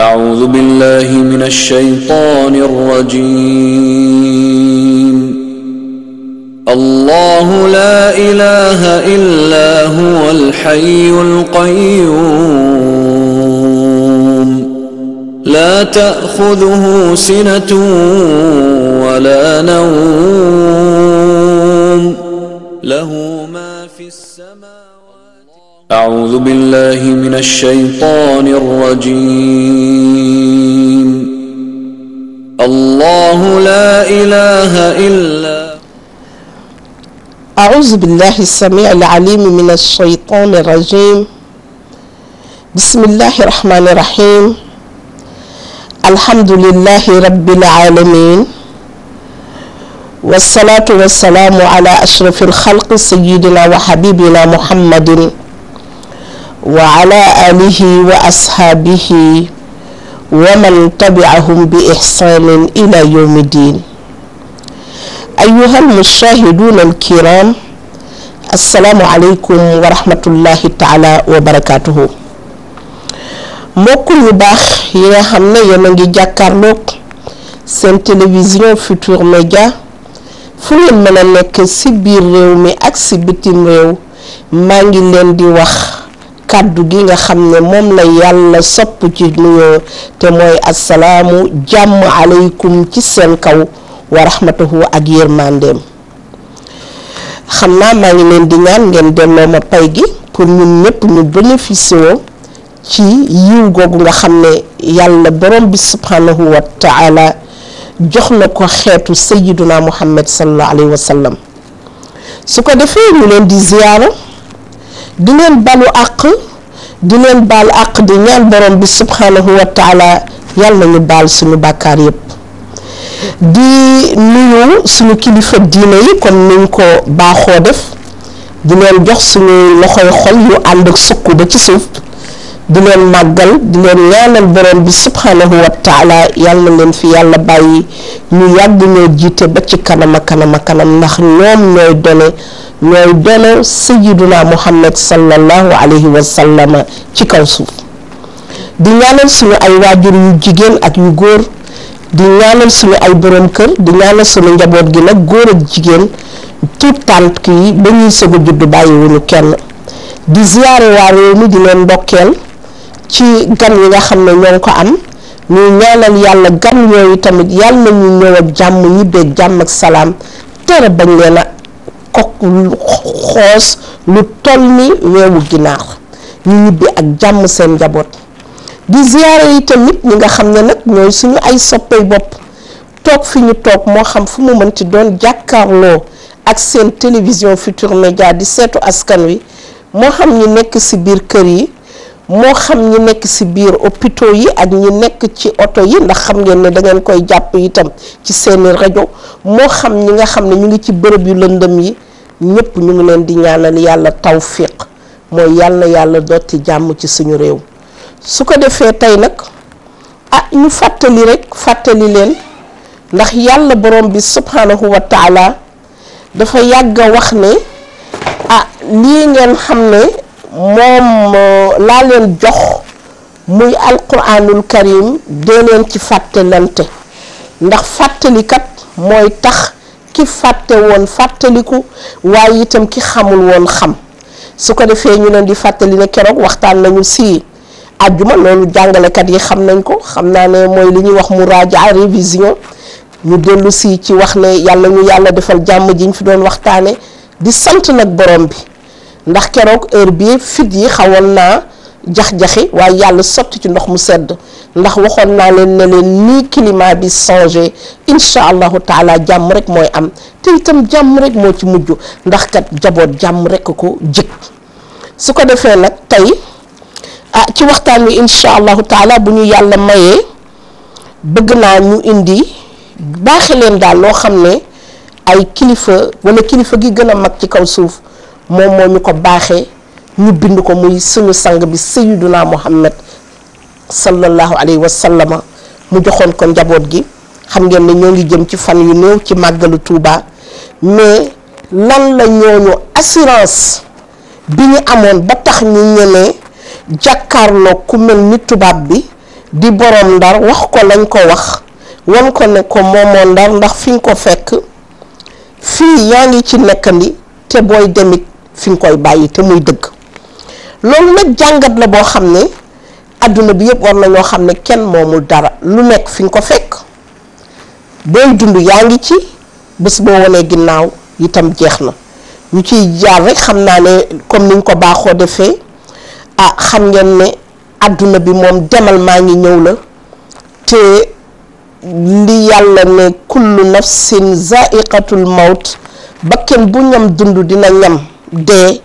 أعوذ بالله من الشيطان الرجيم الله لا إله إلا هو الحي القيوم لا تأخذه سنة ولا نوم له أعوذ بالله من الشيطان الرجيم الله لا إله إلا أعوذ بالله السميع العليم من الشيطان الرجيم بسم الله الرحمن الرحيم الحمد لله رب العالمين والصلاة والسلام على أشرف الخلق سيدنا وحبيبنا محمد وعلى آله وأصحابه ومن تبعهم بإحسان إلى يوم الدين أيها المشاهدون الكرام السلام عليكم ورحمة الله تعالى وبركاته mbokk yu baax yi nga xam ne yéen a ngi jàkkaarloog seen télévision Futurs Médias fu ngeen mën nekk ci biir réew mi ak ci bitim réew maa ngi leen di wax kàddu gi nga xam ne moom la yàlla sopp ci nuyoo te mooy assalaamu jàmm aleykum ci seen kaw wa rahmatuhu ak yërmandeem xam naa maa ngi leen di ñaan ngeen delloo ma pay gi pour ñun ñëpp ñu bénéficier ci yiw googu nga xam ne yàlla borom bi subhanahu wa taala jox na ko xeetu sayiduna muhammad sallallahu alayhi wa sallam su ko defee ñu leen di ziyaara di leen balu àq di leen baal àq di ñaan borom bi subhanahu wa taala yàlla nañu baal suñu bàkkaar yépp di nuyu suñu kilifa diine yi kon niñ ko baaxoo def di leen jox suñu loxoy xol yu ànd ak sukk ba ci suuf di leen màggal di leen ñaanal borom bi subhanahu wa yàlla leen fi yàlla bàyyi ñu yàgg ñoo jiite ba ci kanam a kanam ndax ñoom ñooy done ñooy done sayiduna muhammad sallallahu alayhi wa ci kaw suuf di ñaanal suñu ay waajur yu jigéen ak yu góor di ñaanal suñu ay borom kër di ñaanal suñu njaboot gi nag góor ak jigéen tout tànk yi ba ñuy sëg a judd bàyyiwuñu kenn di ziyaare waa réew mi di leen ndokkeel ci gan yi nga xam ne ñoo ko am ñuy ñaanal yàlla gan yooyu tamit yàlla na ñu ñëw ak jàmm ñibbeeg jàmm ak salaam tere bañ leen a kokk xoos lu toll ni weewu ginaar ñu ñibbi ak jàmm seen njaboot di ziyaare yi tamit ñi nga xam ne nag ñooy suñu ay soppey bopp toog fi ñu toog moo xam fu mu mënti doon jàkkaarloo ak seen télévision Futurs Médias di seetu askan wi moo xam ñu nekk ci biir kër yi moo xam ñi nekk ci biir hôpitaux yi ak ñi nekk ci oto yi ndax xam ngeen ne da koy jàpp itam ci seeni rajo moo xam ñi nga xam ne ñu ngi ci bërëb yu lëndëm yi ñëpp ñu ngi leen di ñaanal yàlla tawfiq mooy yàlla yàlla dotti jàmm ci suñu réew su ko defee tey nag ah ñu fàttali rekk fàttali leen ndax yàlla borom bi subhanahu wa taala dafa yàgg a wax ne ah lii ngeen xam ne moom laa leen jox muy alquranul karim dee leen ci fàttalante ndax fàttalikat mooy tax ki fàtte woon fàttaliku waaye itam ki xamul woon xam su ko defee ñu leen di fàttali na keroog waxtaan nañu si àjjuma loolu jàngalekat yi xam nañ ko xam naa ne mooy li ñuy wax mu muraaja révision ñu dellu si ci wax ne yàlla ñu yàlla defal jàmm ji ñu fi doon waxtaane di sant nag borom bi ndax keroog heure bii fit yi xawoon naa jax-jaxi waaye yàlla sotti ci ndox mu sedd ndax waxoon naa leen ne nii climat bi changé incha allahu taala jàmm rek mooy am te itam jàmm rek moo ci mujj ndax kat jaboot jàmm rek ko jëkk su ko defee nag tey ah ci waxtaan wi incha allahu taala bu ñu yàlla mayee bëgg naa ñu indi baaxe leen daal loo xam ne ay kilifa wala kilifa gi gën a mag ci kaw suuf moom moo ñu ko baaxee ñu bind ko muy suñu sang bi sayyiduna Muhammad sallallahu alayhi wa mu joxoon ko njaboot gi xam ngeen ne ngi jëm ci fan yu néew ci màggalu Tuuba mais lan la ñooñu assurance bi ñu amoon ba tax ñu ñemee jàkkaarloo ku mel ni tubaab bi di boroom ndar wax ko lañ ko wax wan ko ne ko moomoo ndar ndax fi nga ko fekk fii yaa ngi ci nekkandi te booy demit fi nga koy bàyyi te muy dëgg loolu nag jàngat la boo xam ne adduna bi yëpp war nañoo xam ne kenn moomul dara lu nekk fi nga ko fekk booy dund yaa ngi ci bés boo wanee ginnaaw itam jeex na ñu ciy jaar rek xam naa ne comme niñ ko baaxoo defee ah xam ngeen ne adduna bi moom demal maa ngi ñëw la te li yàlla ne kullu nafsin zaiqatul maut ba kenn bu ñam dund dina ñam dee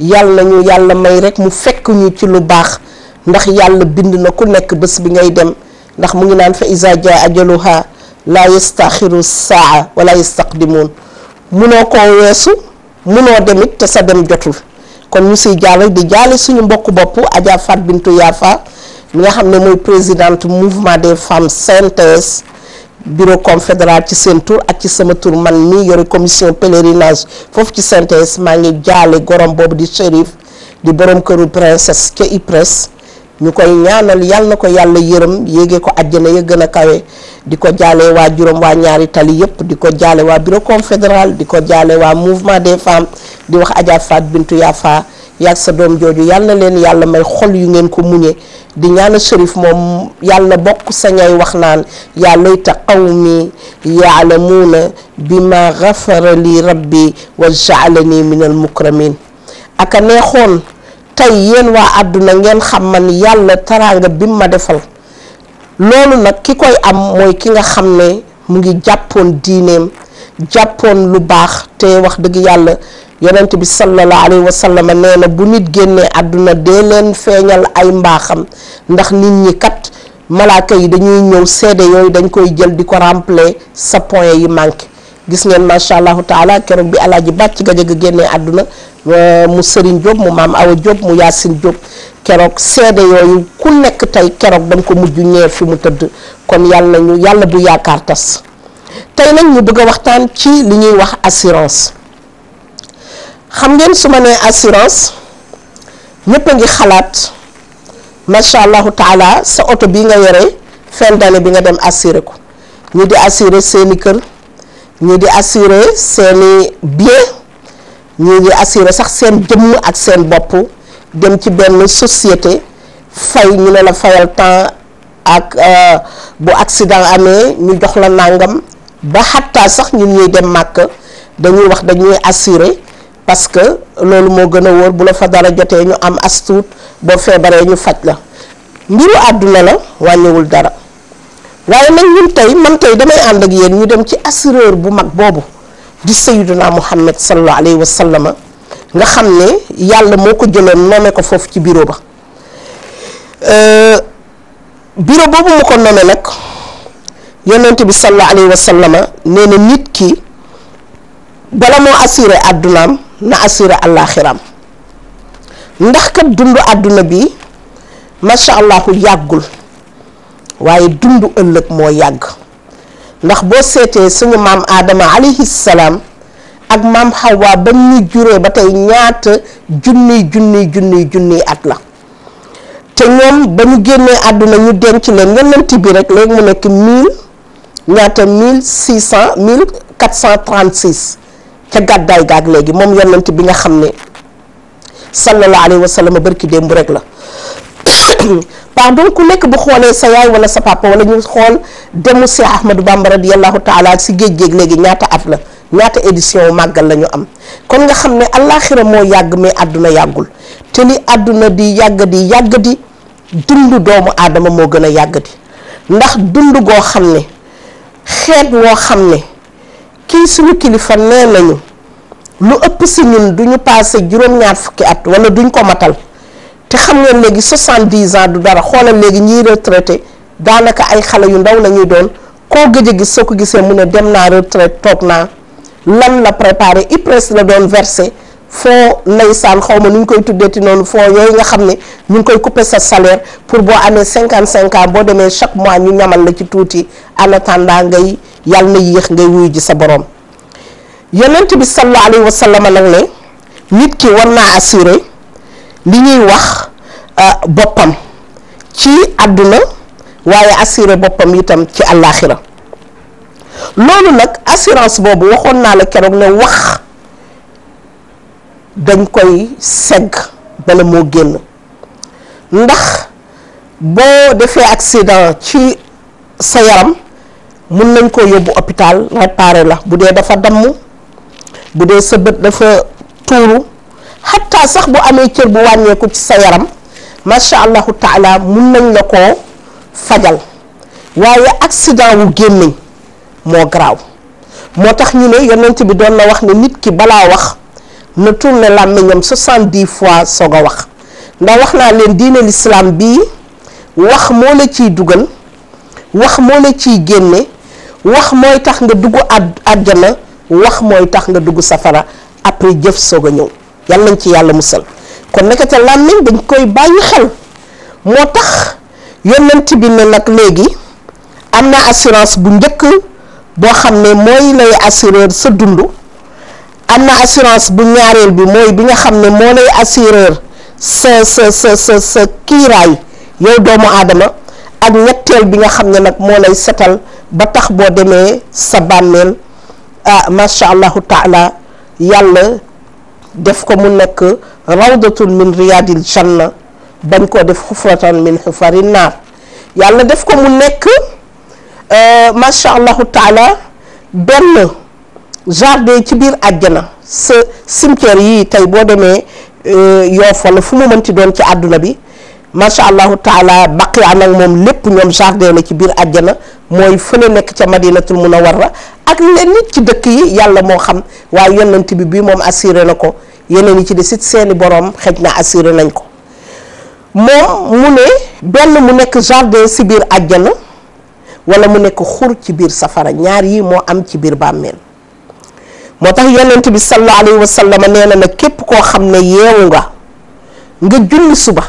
yàlla ñu yàlla may rek mu fekk ñu ci lu baax ndax yàlla bind na ku nekk bés bi ngay dem ndax mu ngi naan fa iza jaa ajaluha laa yastaxiru saa wala yastaqdimuun munoo koo weesu munoo demit te sa dem jotul kon ñu siy jaal di jaale suñu mbokku bopp Adja Fat Bintou Yafa nga xam ne mooy présidente mouvement des femmes CNTS bureau confédéral ci seen tour ak ci sama tour man mii yore commission pèlerinage foofu ci CNTS maa ngi jaale gorom boobu di shérif di borom këru princesse ca IPRES ñu koy ñaanal yàlla na ko yàlla yërëm yéegee ko àjjana ya gën a kawe di ko jaale waa juróom waa ñaari tali yëpp di ko jaale waa bureau confédéral di ko jaale waa mouvement des femmes di wax ajaat Adja Fat Bintou Yafa yàgg sa doom jooju yàlla na leen yàlla may xol yu ngeen ko muñe di ñaana Chérif moom yàlla bokk sa ñay wax naan yaa layta qawmi yaalamuuna bi ma gafara li rabbi wa jaalani min al mukramin aka neexoon tey yéen waa àdduna ngeen xam man yàlla taraanga bi ma defal loolu nag ki koy am mooy ki nga xam ne mu ngi jàppoon diineem jàppoon lu baax te wax dëgg yàlla yonent bi sallallahu alayhi wa sallam nee na bu nit génnee àdduna dee leen feeñal ay mbaaxam ndax nit ñi kat malaaka yi dañuy ñëw seede yooyu dañ koy jël di ko remplir sa point yi manqué gis ngeen macha allahu taala keroog bi alaaji bàcc gajëg a génnee àdduna euh, mu Serigne Diop mu maam Awa Diop mu Yacine Diop keroog seede yooyu ku nekk tey keroog dañ ko mujj ñee fi mu tëdd kon yàlla ñu yàlla bu yaakaar tas tey nag ñu bëgg a waxtaan ci li ñuy wax assurance xam ngeen su ma nee assurance ñëpp a ngi xalaat macha allahu taala sa oto bi nga yore fin bi nga dem assuré ko ñi di assuré seeni kër ñi di assuré seeni bien ñi di assuré sax seen jëmm ak seen bopp dem ci benn société fay ñu ne la fayal temps ak euh, bu accident amee ñu jox la nàngam ba xattaa sax ñun ñuy dem màkk dañuy wax dañuy assurer parce que loolu moo gën a wóor bu la fa dara jotee ñu am astuut boo feebaree ñu faj la mbiru àdduna la wàññiwul dara waaye nag ñun tey man tey damay ànd ak yéen ñu dem ci assureur bu mag boobu di sayyiduna muhammad sallallahu alayhi wa sallama nga xam ne yàlla moo ko jëloon nommé ko foofu ci bureau ba euh, bureau boobu mu ko nommé nag yonent bi sallallahu alayhi wa sallama nit ki bala moo assuré àddunaam na assuré àllaaxiraam ndax kat dundu àdduna bi macha allahu yàggul waaye dundu ëllëg moo yàgg ndax boo seetee suñu maam aadama alayhi salaam ak maam xawaa ba ñu juree ba tey ñaata junniy junniy junniy junniy at la te ñoom ba ñu génnee àdduna ñu denc leen yonent bi rek léegi mu nekk mille ñaata mille six cent mille quatre cent trente six ca gàddaay gaag léegi moom yonent bi nga xam ne sallallahu alayhi wa sallam barki démb rek la pardon ku nekk bu xoolee sa yaay wala sa papa wala ñu xool demu Seex Ahmadou Bamba radiyallahu taala si géej géej léegi ñaata at la ñaata édition màggal la ñu am kon nga xam ne allaaxira moo yàgg mais àdduna yàggul te li àdduna di yàgga di yàgg di dund doomu aadama moo gën a yàgg di ndax dund goo xam ne xeet woo xam ne kii suñu kilifa nee nañu lu ëpp si ñun duñu passé juróom-ñaar fukki at wala duñ ko matal te xam ngeen léegi soixante-dix ans du dara xoolal léegi ñiy retraité daanaka ay xale yu ndaw la ñuy doon koo gëj a gis soo ko gisee mu ne dem naa retraite toog naa lan la préparé IPRES la doon versé foo ndeysaan xaw ma nu ñu koy tuddeeti noonu foo yooyu nga xam ne ñu ngi koy couper sa salaire pour boo amee cinquante cinq boo demee chaque mois ñu ñamal la ci tuuti en attendant ngay yàlla na yéex ngay wuyu ji sa borom yonent bi sallallahu alayhi wa nit ki war naa assurer li ñuy wax euh, boppam ci àdduna waaye assurer boppam itam ci àllaaxira loolu nag assurance boobu waxoon naa la keroog ne wax. dañ koy segg bala moo génn ndax boo defee accident ci sa yaram mun nañ ko yóbbu hôpital réparé la bu dee dafa damm bu dee sa bët dafa tuuru xataa sax bu amee cër bu wàññeeku ci sa yaram macha allahu taala mun nañ la koo fajal waaye accident wu gémmiñ moo garaaw moo tax ñu ne yonent bi doon na wax ne nit ki balaa wax na tourné làmmiñam soixante-dix fois soog a wax ndax wax naa leen diine lislaam bii wax moo la ciy dugal wax moo la ciy génne wax mooy tax nga dugg ad àjjana wax mooy tax nga dugg safara après jëf soog a ñëw yal nañ ci yàlla musal kon nekkate làmmiñ dañ koy bàyyi xel moo tax yonent bi ne nag léegi am na assurance bu njëkk boo xam ne mooy lay assurer sa dund am na assurance bu ñaareel bi mooy bi nga xam ne moo lay assureur sa yow doomu aadama ak ñetteel bi nga xam ne nag moo lay setal ba tax boo demee sa bàmmeel ah macha allahu taala yàlla def ko mu nekk rawdatun min riyadil janna bañ koo def xufratan min xufari naar yàlla def ko mu nekk eh, macha allahu taala benn jardin ci biir àjjana sa cimetière yii tey boo demee euh, Yoff walla fu mu mënti doon ci àdduna bi macha allahu taala baqiya nag moom lépp ñoom jardin la ci biir àjjana mooy fële nekk ca madinatul munawwara ak leen nit ci dëkk yi yàlla moo xam waaye yonent bi bii moom assuré na ko yeneen yi ci des it seeni boroom xëj na assuré nañ ko moom mu ne benn mu nekk jardin si biir àjjana walla mu nekk xur ci biir safara ñaar yi moo am ci biir bàmmeel moo tax yonent bi sallallahu alayhi wa sallam nee na nag képp koo xam ne yeewu nga nga julli suba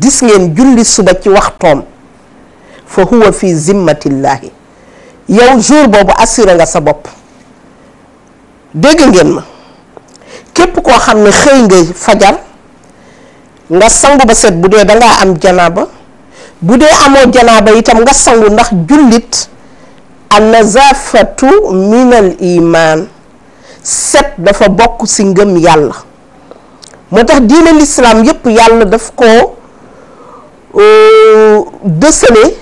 gis ngeen julli suba ci waxtoom fa huwa fi zimmatillahi yow jour boobu assuré nga sa bopp dégg ngeen ma képp koo xam ne xëy nga fajar nga sangu ba set bu dee dangaa am janaaba bu dee amoo janaaba itam nga sangu ndax jullit an nazafatu minal iman set dafa bokk ci ngëm yàlla moo tax diine l'islam yépp yàlla daf ko euh, dësale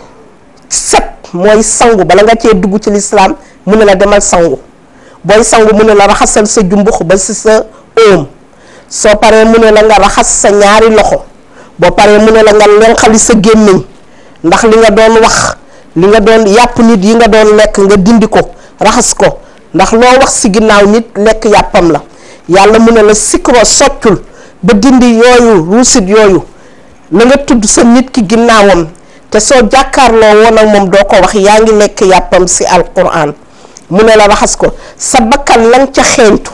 set mooy sangu bala nga cee dugg ci lislaam mun ne la demal sangu booy sangu mu ne la raxasal sa jumbux ba ci sa óom soo paree mu ne la nga raxas sa ñaari loxo boo paree mu ne la nga lenqali sa gémmiñ ndax li nga doon wax li nga doon yàpp nit yi nga doon lekk nga dindi ko raxas ko ndax loo wax si ginnaaw nit lekk yàppam la yàlla mu ne la sikro soccul ba dindi yooyu ruusit yooyu na nga tudd sa nit ki ginnaawam te soo jàkkaarloo woon ak moom doo ko wax yaa ngi lekk yàppam si alquran mu ne la raxas ko sa bakkan la ca xeeñtu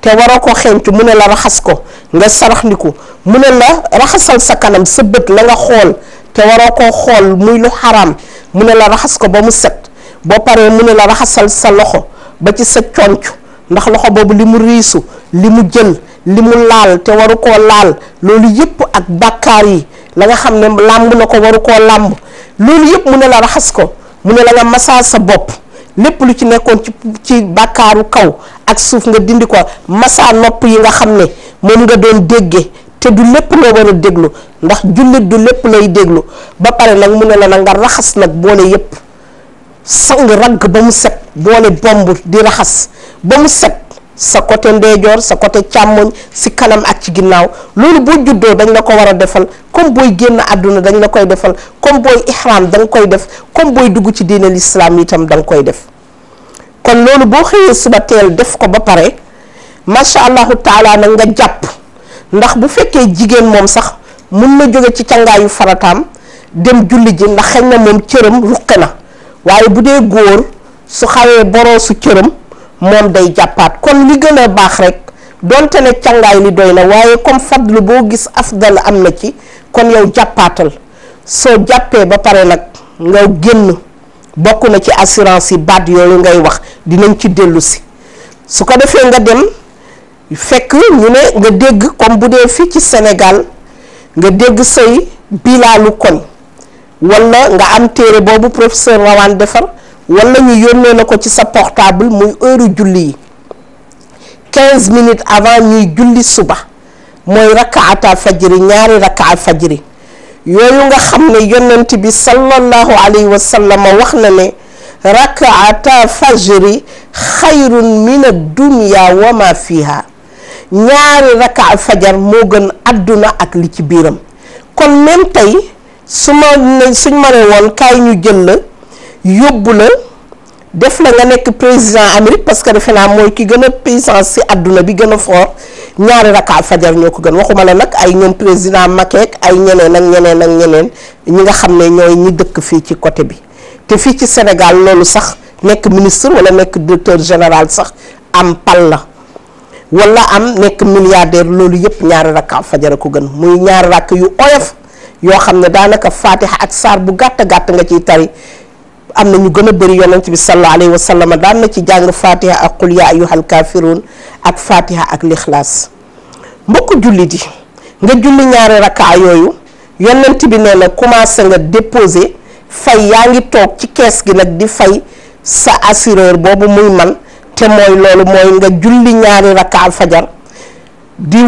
te waroo ko xeeñtu mu ne la raxas ko nga saraxndiku mu ne la raxasal sa kanam sa bët la nga xool te waroo ko xool muy lu xaraam mu ne la raxas ko ba mu set boo paree mu ne la raxasal sa loxo ba ci sa conc ndax loxo boobu li mu riisu li mu jël li mu laal te waru koo laal loolu yëpp ak bàkkaar yi la nga xam ne làmb na ko waru koo làmb loolu yëpp mu ne la raxas ko mu ne la nga masaa sa bopp lépp lu ci nekkoon ci ci bàkkaaru kaw ak suuf nga dindi ko masaa nopp yi nga xam ne moom nga doon déggee te du lépp nga war a déglu ndax jullit du lépp lay déglu ba pare nag mu ne la na nga raxas nag boole yépp sang ragg ba mu set boole bomb di raxas ba mu set sa côté ndeyjoor sa côté càmmoñ si kanam ak ci ginnaaw loolu boo juddoo dañ la ko war a defal comme booy génn àdduna dañ la koy defal comme booy ihram da koy def comme booy dugg ci diine lislaam itam da nga koy def kon loolu boo xëyee suba teel def ko ba pare macha allahu taala nag nga jàpp ndax bu fekkee jigéen moom sax mun na jóge ci cangaayu farataam dem julli ji ndax xëy na moom cëram ruqe na waaye bu dee góor su xawee boroosu cëram moom day jàppaat kon li gën baax rek donte ne cangaay li doy na waaye comme fadlu boo gis afdal am na ci kon yow jàppaatal soo jàppee ba pare nag nga génn bokk na ci assurance yi baat yooyu ngay wax dinañ ci dellu si su ko defee nga dem fekk ñu ne nga dégg comme bu dee fii ci senegal nga dégg sëy bilaalu koñ wala nga am téere boobu professeur Rawane defar wala ñu yónnee la ko ci sa portable muy heure julli yi minutes avant ñuy julli suba mooy rakaata fajiri ñaari rakaa fajiri yooyu nga xam ne yonent bi sallallahu alayhi wa sallam wax na ne rakaata fajiri xayrun min ad dunya fiha ñaari rakka fajar moo gën àdduna ak li ci biiram kon même tey su ma ne suñ ma ne woon kaay ñu jël la yóbbu la def la nga nekk président Amérique parce que defe naa mooy ki gën a puissance si àdduna bi gën a fort ñaari rakka fajar ñoo ko gën waxuma la nag ay ñoom président Makeek ay ñeneen ak ñeneen ak ñeneen ñi nga xam ne ñooy ñi dëkk fii ci côté bi te fii ci Sénégal loolu sax nekk ministre walla nekk directeur général sax am pal la wala am nekk milliardaire loolu yëpp ñaari rakka fajara ko gën muy ñaari rakk yu oyof yoo xam ne daanaka faatiha ak saar bu gàtt gàtt nga ci tari am na ñu gën a bëri yonent bi sallallahu alayhi wa sallam daan na ci jàng faatiha ak qul ya ayyuhal ak faatiha ak lixlaas mbokk julli di nga julli ñaari rakka yooyu yonent bi nee na commencé nga déposé fay yaa ngi toog ci kees gi nag di fay sa assureur boobu muy man te mooy loolu mooy nga julli ñaari rakkaal fajar di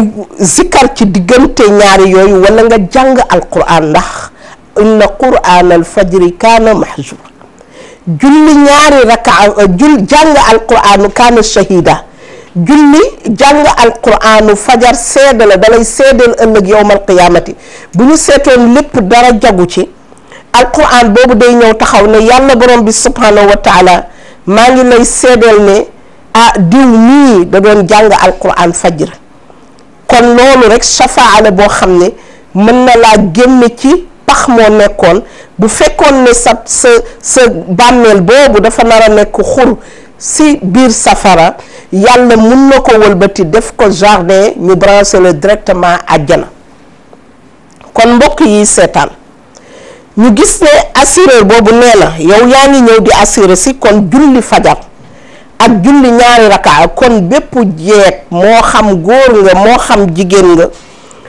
zikkar ci diggante ñaari yooyu wala nga jàng alquran ndax inna quraan alfajri kaana mahjura julli ñaari rakka euh, jul jàng alquranu kaana shahida julli jàng alquranu fajar seede la dalay seedeel ëllëg yowmal qiyaamati bu ñu seetoon lépp dara jagu ci alquran boobu day ñëw taxaw ne yàlla borom bi subhanahu wa taala maa ngi lay seedeel ne ah diw mii da doon jàng alquran fajr kon loolu rek safaa la boo xam ne mën na laa génne ci pax moo nekkoon bu fekkoon ne sa sa sa bàmmeel boobu dafa nar a nekk xur si biir safara yàlla mun na ko wëlbati def ko jardin ñu branché le directement àjjana kon mbokk yi seetaan ñu gis ne assureur boobu nee na yow yaa ngi ñëw di assuré si kon julli fajar ak julli ñaari rakaa kon bépp jeeg moo xam góor nga moo xam jigéen nga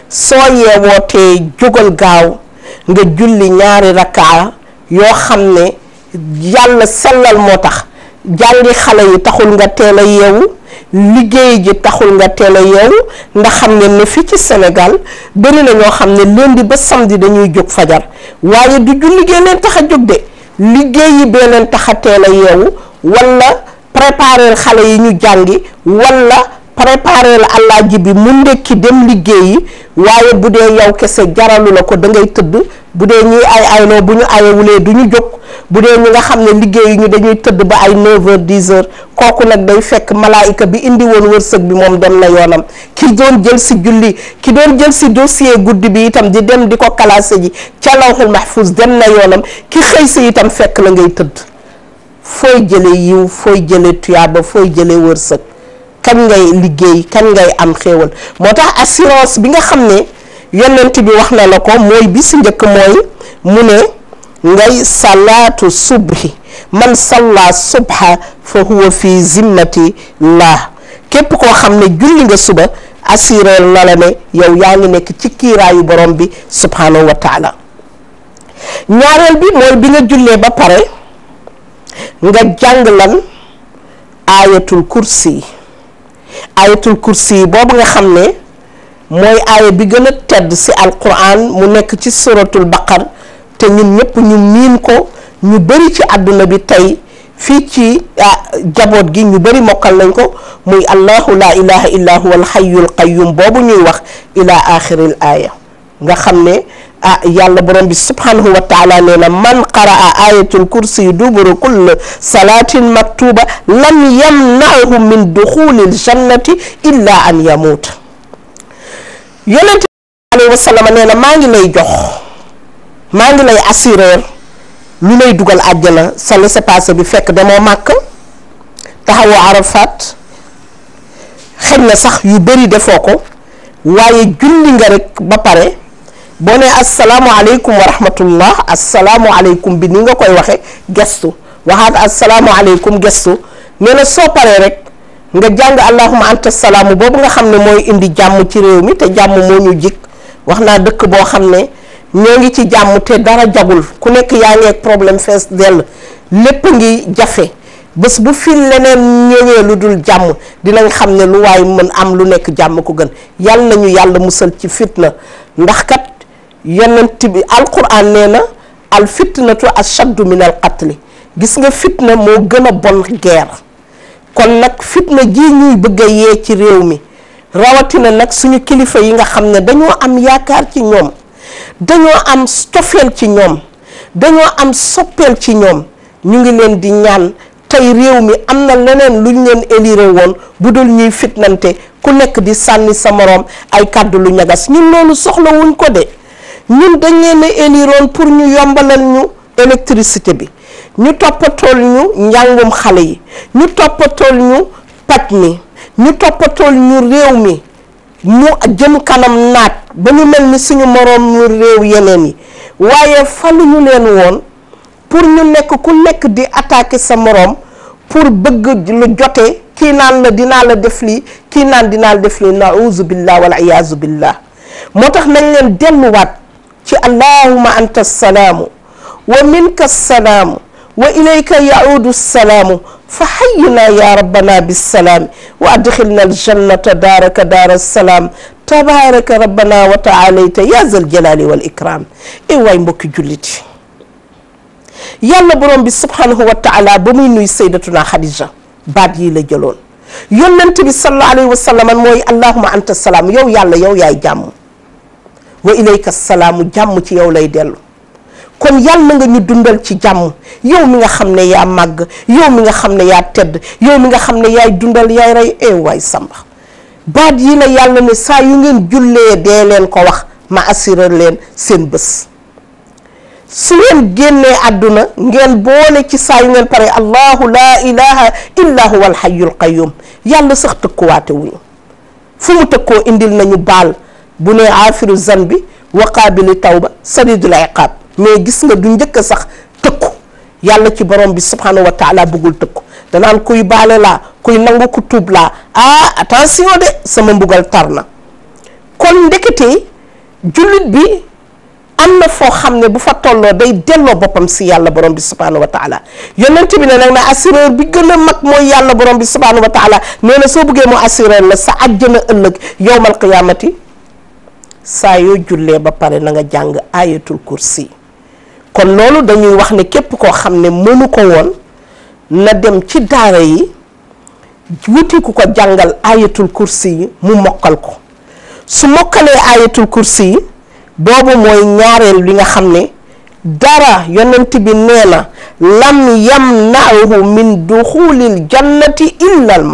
soo yeewoo te jógal gaaw nga julli ñaari rakaa yoo xam ne yàlla sellal moo tax jàngi xale yi taxul nga teel a yeewu liggéey ji taxul nga teel a yeewu ndax xam ngeen ne fii ci Sénégal bëri ñoo xam ne lundi ba samedi dañuy jóg fajar waaye du julli gee leen tax a jóg de liggéey yi bee leen tax a teel yeewu walla préparer xale yi ñu jàngi walla préparer la àllaaji bi mu ndekki dem liggéeyi waaye bu dee yow kese jaralu la ko da ngay tëdd bu dee ñuy ay ayloo bu ñu ayewulee du ñu jóg bu dee ñi nga xam ne liggéeyi ñu dañuy tëdd ba ay 9 heures 10 heures kooku nag day fekk malaayika bi indi woon wërsëg bi moom dem na yoonam ki doon jël si julli ki doon jël si dossier guddi bi itam di dem di ko classé ji ca lawxul mahfuz dem na yoonam ki xëy si itam fekk la ngay tëdd fooy jële yiw fooy jële tuyaaba fooy jële wërsëg kan ngay liggéey kan ngay am xéewal moo tax assurance bi nga xam ne yonent bi wax na la ko mooy bi si njëkk mooy mu ne ngay salaatu subhi man salla subha fa huwa fi zimmati llah képp koo xam ne julli nga suba assuré na la ne yow yaa ngi nekk ci kiiraayu borom bi subhanahu wa ñaareel bi mooy bi nga jullee ba pare nga jàng lan ayatul kursi ayatul kursi boobu nga xam ne mooy aaya bi gën a tedd ci alquran mu nekk ci suratul baqar te ñun ñëpp ñu miin ko ñu bari ci àdduna bi tey fii ci ah, jaboot gi ñu bari mokkal nañ ko muy allahu la ilaha illa huwa alxayul qayyum boobu ñuy wax ila axiril aaya nga xam ne ah yàlla borom bi subhanahu wa taala na man qaraa ayatul kursi duburu kull salatin maktuba lam yamnaahu min duxulil jannati illa an yamuut yonente maa ngi lay jox maa ngi lay assurer lu lay dugal àjjana sa laissez-passer bi fekk demoo màkk taxawoo arafat xëy na sax yu bëri defoo ko waaye julli nga rek ba pare boo nee asalaamualeykum wa rahmatullah asalaamualeykum bi ni nga koy waxe gestu waxaat aleykum gestu nee na soo paree rek nga jàng allahuma anta salaamu boobu nga xam ne mooy indi jàmm ci réew mi te jàmm moo wax naa dëkk boo xam ne ñoo ngi ci jàmm dara jagul ku nekk yaa ngi ak problème fees dell lépp ngi jafe bés bu fi leneen ñëwee lu dul jàmm dinañ xam ne lu waay mën am lu nekk jàmm ko gën yàlla nañu yàlla musal ci fitna ndax kat yonent bi alquran nee na al fitnatu ashaddu min al qatli gis nga fitna moo gën a bon guerre kon nag fitna jii ñuy bëgg yee ci réew mi rawatina nag suñu kilifa yi nga xam ne dañoo am yaakaar ci ñoom dañoo am cofeel ci ñoom dañoo am soppeel ci ñoom ñu ngi leen di ñaan tey réew mi am na leneen luñ leen élire woon bu dul ñuy fitnante ku nekk di sànni sa moroom ay kàddu lu ñagas ñun loolu soxlawuñ ko de ñun dañ leen a pour ñu yombalal ñu électricité bi ñu toppatool ñu njàngum xale yi ñu toppatool ñu paj mi ñu toppatool ñu réew mi mu jëm kanam naat ba ñu mel ni suñu moroom ñu réew yeneen yi waaye faluñu leen woon pour ñu nekk ku nekk di attaquer sa moroom pour bëgg lu jote kii naan la dinaa la def lii kii naan dinaa la def lii nauzu billah wala iyaazu billah moo tax nañ leen delluwaat ci allahuma anta alsalaamu wa minka alsalaamu wa ilayka yaudu alsalaamu fa hayyina ya rabbana bissalaami wa adxilna aljannata daaraka daara alsalaam tabaraka rabbana wa taalayta ya zal jalali wal ikram e eh waay mbokki julliti yàlla borom bi subhanahu wa taala ba muy nuy saydatuna xadija baat yi la jëloon yonent bi sallallahu alayhi wa sallam mooy allahuma anta salaam yow yàlla yow yaay jàmm wa ilayka salaamu jàmm ci yow lay dellu kon yàlla nga ñu dundal ci jàmm yow mi nga xam ne yaa màgg yow mi nga xam ne yaa tedd yow mi nga xam ne yaay dundal yaay rey eewaay eh samba baat yi la yàlla ne saa yu ngeen jullee dee leen ko wax ma assurer leen seen bës su ngeen génnee àdduna ngeen boole ci saa yu ngeen pare allahu laa ilaha illa huwa alxayul qayum yàlla sax tëkkuwaate wuñu fu mu tëkkoo indil nañu baal bu nee aafiru zan bi waqaabili tawba saridul iqaab mais gis nga du njëkk sax tëkku yàlla ci borom bi subhanahu wa taala bëggul tëkku danaan kuy baale laa kuy nangu ku tuub laa ah attention de sama mbugal tar na kon ndekete jullit bi am na foo xam ne bu fa tolloo day delloo boppam si yàlla borom bi subhanahu wa taala yonent bi ne nag na assureur bi gën a mag mooy yàlla borom bi subhanahu wa taala nee na soo bëggee mu assureur la sa àjjana ëllëg yowmal qiyaamati saa yoo jullee ba pare na nga jàng ayatul kursi kon loolu dañuy wax ne képp koo xam ne mënu ko woon na dem ci daara yi wuti ku ko jàngal ayatul kursi yi mu mokkal ko su mokkalee ayatul kursi yi boobu mooy ñaareel li nga xam ne dara yonent bi nee na lam yamnaahu min duxulil jannati illa al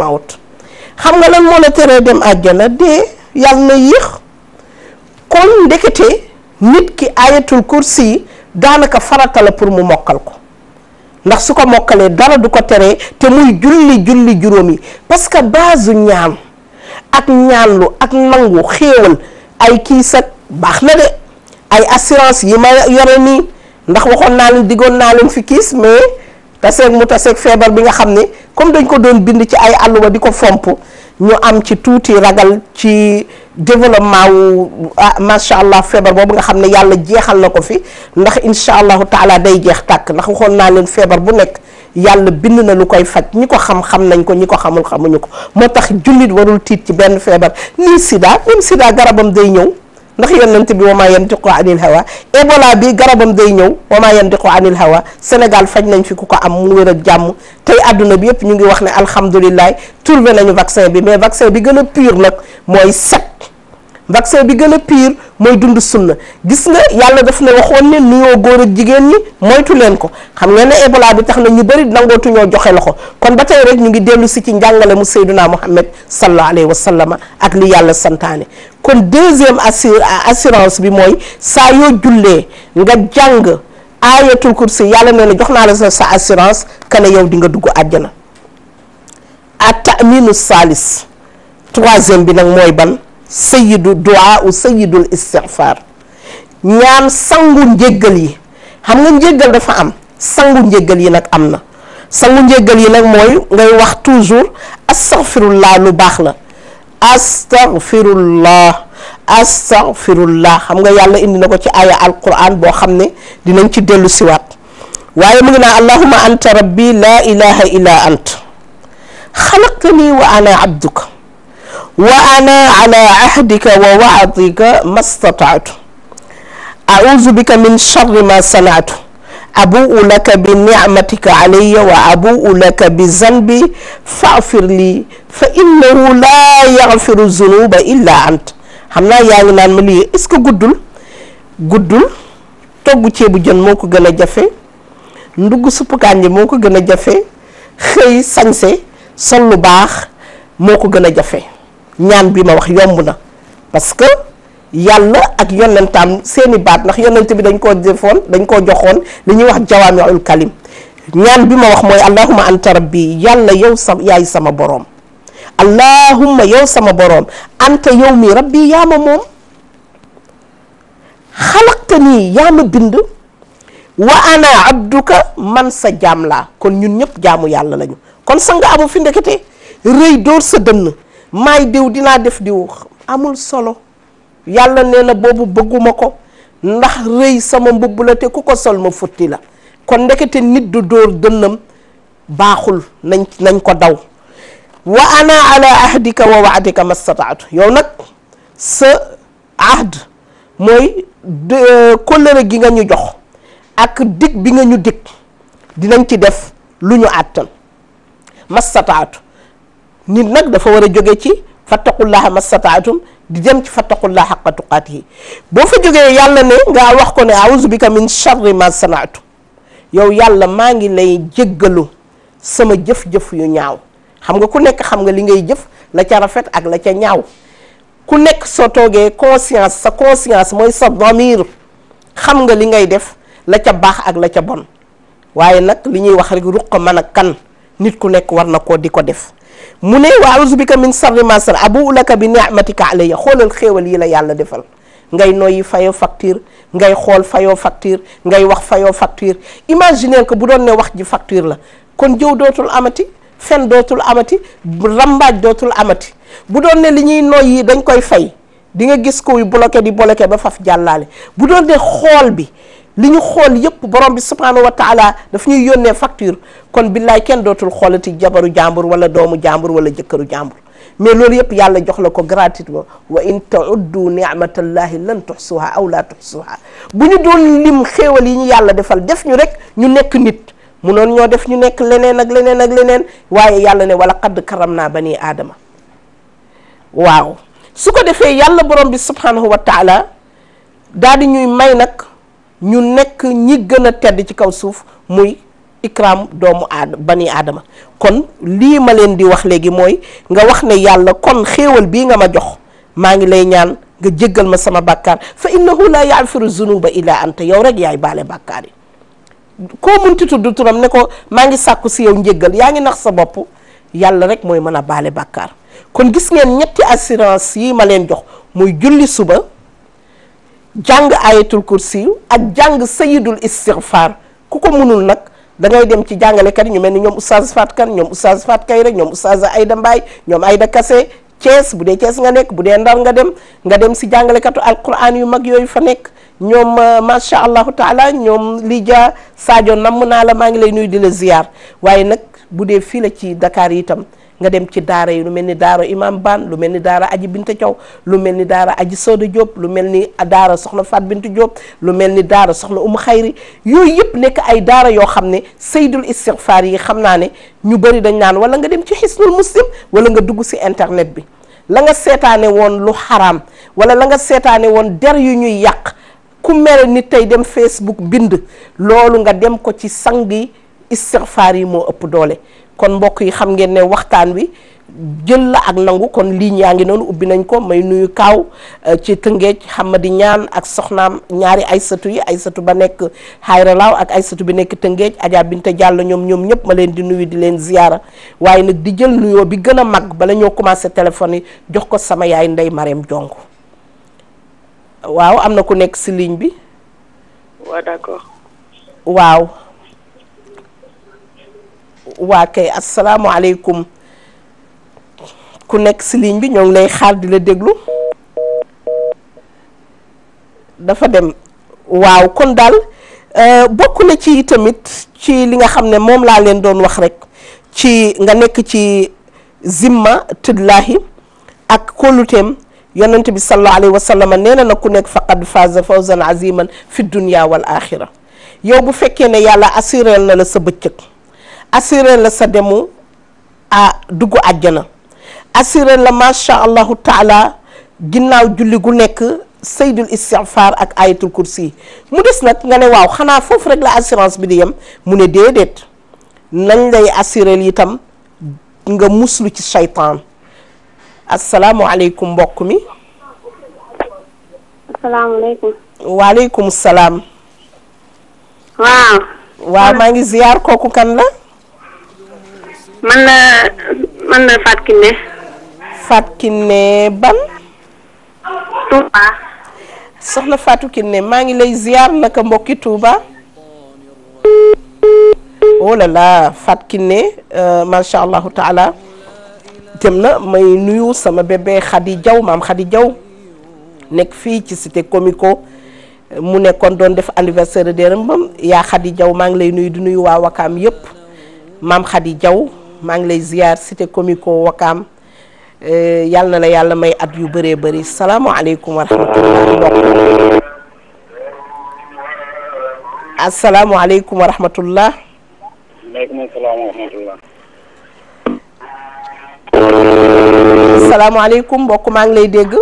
xam nga lan moo la teree dem àjjana dee yàlla na yéex kon ndekete nit ki ayatul kursi yi daanaka farata pour mu mokkal ko ndax su ko mokkalee dara du ko teree te muy julli julli juróom yi parce que base ñaan ak ñaanlu ak nangu ay kii sag baax na de ay assurance yi ma yore nii ndax waxoon naa leen diggoon naa leen fi kiis mais taseeg mu taseeg feebar bi nga xam ne comme dañ ko doon bind ci ay àlluwa di ko fomp ñu am ci tuuti ragal ci développement wu ah, macha allah feebar boobu nga xam ne yàlla jeexal na ko fi ndax incha allahu taala day jeex tàkk ndax waxoon naa leen feebar bu nekk yàlla bind na lu koy faj ñi ko xam xam nañ ko ñi ko xamul xamuñu ko moo tax jullit warul tiit ci benn feebar nii sida même sida garabam day ñëw ndax yonent bi wama yantiqu anil hawa Ebola bi garabam day ñëw wama yantiqu anil hawa Sénégal faj nañ fi ku ko am mu wér ak jàmm tey àdduna bi yëpp ñu ngi wax ne alhamdulilah trouvé nañu vaccin bi mais vaccin bi gën a pur nag mooy set vaccin bi gën a pur mooy dund sunna gis nga yàlla daf ne waxoon ne nuyoo góor ak jigéen ñi moytu leen ko xam ngeen ne Ebola bi tax na ñu bëri nangootuñoo joxe loxo kon ba tey rek ñu ngi dellu si ci njàngale mu Seyduna Muhammad sallallahu alayhi wa sallama ak li yàlla santaane kon deuxième assur assurance bi mooy saa yoo jullee nga jàng aayatul kursi yàlla nee na jox naa la sa assurance que ne yow di nga dugg àjjana at taminu salis troisième bi nag mooy ban sayidu duaa u sayidul istigfaar ñaan sangu njéggal yi xam nga njéggal dafa am sangu njéggal yi nag am na sangu njéggal yi nag mooy ngay wax toujours astaghfirullah lu baax la astaghfirullah astaghfirullah xam nga yàlla indi na ko ci aaya alquran boo xam ne dinañ ci dellu siwaat waaye mu ngi naa allahuma anta rabbi la ilaha illa ant xalaqtani wa ana abduka wa ana ala ahdika wa waadika ma stataatu auzu bika min charri ma sanaatu abu'u laka bi ni'matika alayya wa abu'u laka bi zanbi fa'fir li fa innahu la yaghfiru dhunuba illa ant xam naa yaa ngi naan ma lii est-ce que guddul guddul togg ceebu jën moo ko gën a jafe ndugg suppu kànja moo ko gën a jafe xëy sañse sol lu baax moo ko gën a jafe ñaan bi ma wax yomb na parce yàlla ak yonentam seeni baat ndax yonent bi dañ koo defoon dañ koo joxoon li ñuy wax jawaamiul kalim ñaan bi ma wax mooy allahuma anta rabbi yàlla yow sa yaay sama boroom allahuma yow sama boroom anta yow mi rabbi yaa ma moom xalaqta nii yaa ma bind wa ana abduka man sa jaam laa kon ñun ñëpp jaamu yàlla lañu kon sa nga amu fi ndekete rëy dóor sa dënn maay diw dinaa def diw amul solo yàlla nee na boobu bëgguma ko ndax rëy sama mbubb la te ku ko sol ma futti la kon ndekete nit du dóor dënnam baaxul nañ nañ ko daw wa ana ahdika wa waadika mastataatu yow nag sa ahd mooy euh, kóllëre gi nga ñu jox ak dig bi nga ñu dig dinañ ci def lu ñu àttan mastataatu nit nag dafa war a jóge ci fattaqullaha mastataatum di dem ci fattaqullaa xaqa yi boo fa jógee yàlla ne nga wax ko ne auzu bika min charri ma sanaatu yow yàlla maa ngi lay jëggalu sama jëf-jëf yu ñaaw xam nga ku nekk xam nga li ngay jëf la ca rafet ak la ca ñaaw ku nekk soo toogee conscience sa conscience mooy sa damir xam nga li ngay def la ca baax ak la ca bon waaye nag li ñuy wax ruq mën a kan nit ku nekk war na ko di ko def mu ne waa wa auzu bika min sarri ma sar abu laka bi ni'matika alayya xoolal xéewal yi la yàlla defal ngay noyyi fayoo facture ngay xool fayoo facture ngay wax fayoo facture imaginer que bu doon ne wax ji facture la kon jëw dootul amati fen dootul amati rambaaj dootul amati bu doon ne li ñuy noyyi dañ koy fay di nga gis kuy bloqué di bloqué ba faf jàllaale bu doon ne xool bi li ñu xool yépp borom bi subhanahu wa taala daf ñuy yónnee facture kon billaay kenn dootul xoolati jabaru jàmbur wala doomu jàmbur wala jëkkëru jàmbur mais loolu yépp yàlla jox la ko gratuitement wa in tauddu ni'matallahi lan aw la bu ñu doon lim xéewal yi ñu yàlla defal def ñu rek ñu nekk nit munoon ñoo def ñu nekk leneen ak leneen ak leneen waaye yàlla ne wala qad karam naa bani aadama waaw su ko defee yàlla borom bi subhanahu wa taala daal di ñuy may nag ñu nekk ñi gën a tedd ci kaw suuf muy ikraam doomu aad bani aadama kon lii ma leen di wax léegi mooy nga wax ne yàlla kon xéewal bii nga ma jox maa ngi lay ñaan nga jéggal ma sama bàkkaar fa innahu la yaghfiru zunuba illa anta yow rek yaay baale bàkkaar yi koo munti tudd turam ne ko maa ngi sàkku si yow njéggal yaa ngi nax sa bopp yàlla rek mooy mën a baale bàkkaar kon gis ngeen ñetti assurance yi ma leen jox muy julli suba jàng ayatul kursiyu ak jàng sayidul istighfar ku ko munul nag dangay dem ci jàngalekat yi ñu mel ni ñoom oustaz Fat Kan ñoom oustaz Fat Kayre ñoom ay Ayda Mbaye ñoom da Kase Thiès bu dee cees nga nekk bu dee Ndar nga dem nga dem si jàngalekatu alquran yu mag yooyu fa nekk ñoom euh, macha allahu taala ñoom lii Lidia Sadio namm naa la maa ngi lay nuyu di la ziar waaye nag bu dee fii la ci Dakar itam nga dem ci daara yi lu mel ni daara imam Ban lu mel ni daara aji Binta Thiaw lu mel ni daara aji Soda Diop lu mel ni daara soxla Fat Bintu Diop lu mel ni daara soxla Umu Xayri yooyu yëpp nekk ay daara yoo xam ne seydul istighfar yi xam naa ne ñu bëri dañ naan wala nga dem ci xisnul muslim wala nga dugg si internet bi la nga seetaane woon lu xaraam wala la nga seetaane woon der yu ñuy yàq ku mel nit tey dem Facebook bind loolu nga dem ko ci sang yi istighfar yi moo ëpp doole kon mbokk yi xam ngeen ne waxtaan wi jël la ak nangu kon ligne yaa ngi noonu ubbi nañ ko may nuyu kaaw euh, ci Tëngéej xam ma di Ñaan ak soxnaam ñaari aysatu yi aysatu ba nekk Xayralaaw ak aysatu bi nekk Tëngéej Adja Binte Diallo ñoom ñoom ñëpp ma leen di nuyu di leen ziyaara waaye nag di jël nuyoo bi gën a mag bala ñoo commencé téléphone yi jox ko sama yaay Ndey Marème Jong waaw am na ku nekk si ligne bi waaw waaw waa kay asalaamaaleykum ku nekk si ligne bi ñoo ngi lay xaar di la déglu dafa dem waaw kon daal euh, bokk na ci tamit ci li nga xam ne moom laa leen doon wax rek ci nga nekk ci zimma tëddlaahi ak kóoluteem yonent bi sallallahu alayhi wa sallam nee na ku nekk faqad faaza fawzan aziman fi dunya wal axira yow bu fekkee ne yàlla assuré na la sa bëccëg assuré la sa demu a dugg àjjana assuré la macha allahu taala ginnaaw julli gu nekk saydul istighfar ak ayatul kursi mu des nag nga ne waaw xanaa foofu rek la bi di yem mu ne déedéet nañ lay assuré itam nga muslu ci seytaan asalaamualeykum mbokk mi. asalaamualeykum. waaleykum waaw. maa ngi ziar kooku kan la. man la man kin Fatou Kiné. Fatou Kiné ban. Touba. soxna Fatou Kiné maa ngi lay ziar naka mbokki Touba. oh là là Fatou Kiné euh, macha allahu taala jëm na may nuyu sama bébé Khady Diaw maam Khady Diaw nekk fii ci cité Comico mu nekkoon doon def anniversaire de rëmbam yaa Khady Diaw maa ngi lay nuyu di nuyu waawakaam yépp yëpp maam Khady Diaw. maa ngi lay ziar cité comico wakaam eh, yàlla na la yàlla may at yu bëree bëri salaamaaleykum wa rahmatullahi mbokk asalaamualeykum wa rahmatullah aleykum salaam wa rahmatullah mbokk maa ngi lay dégg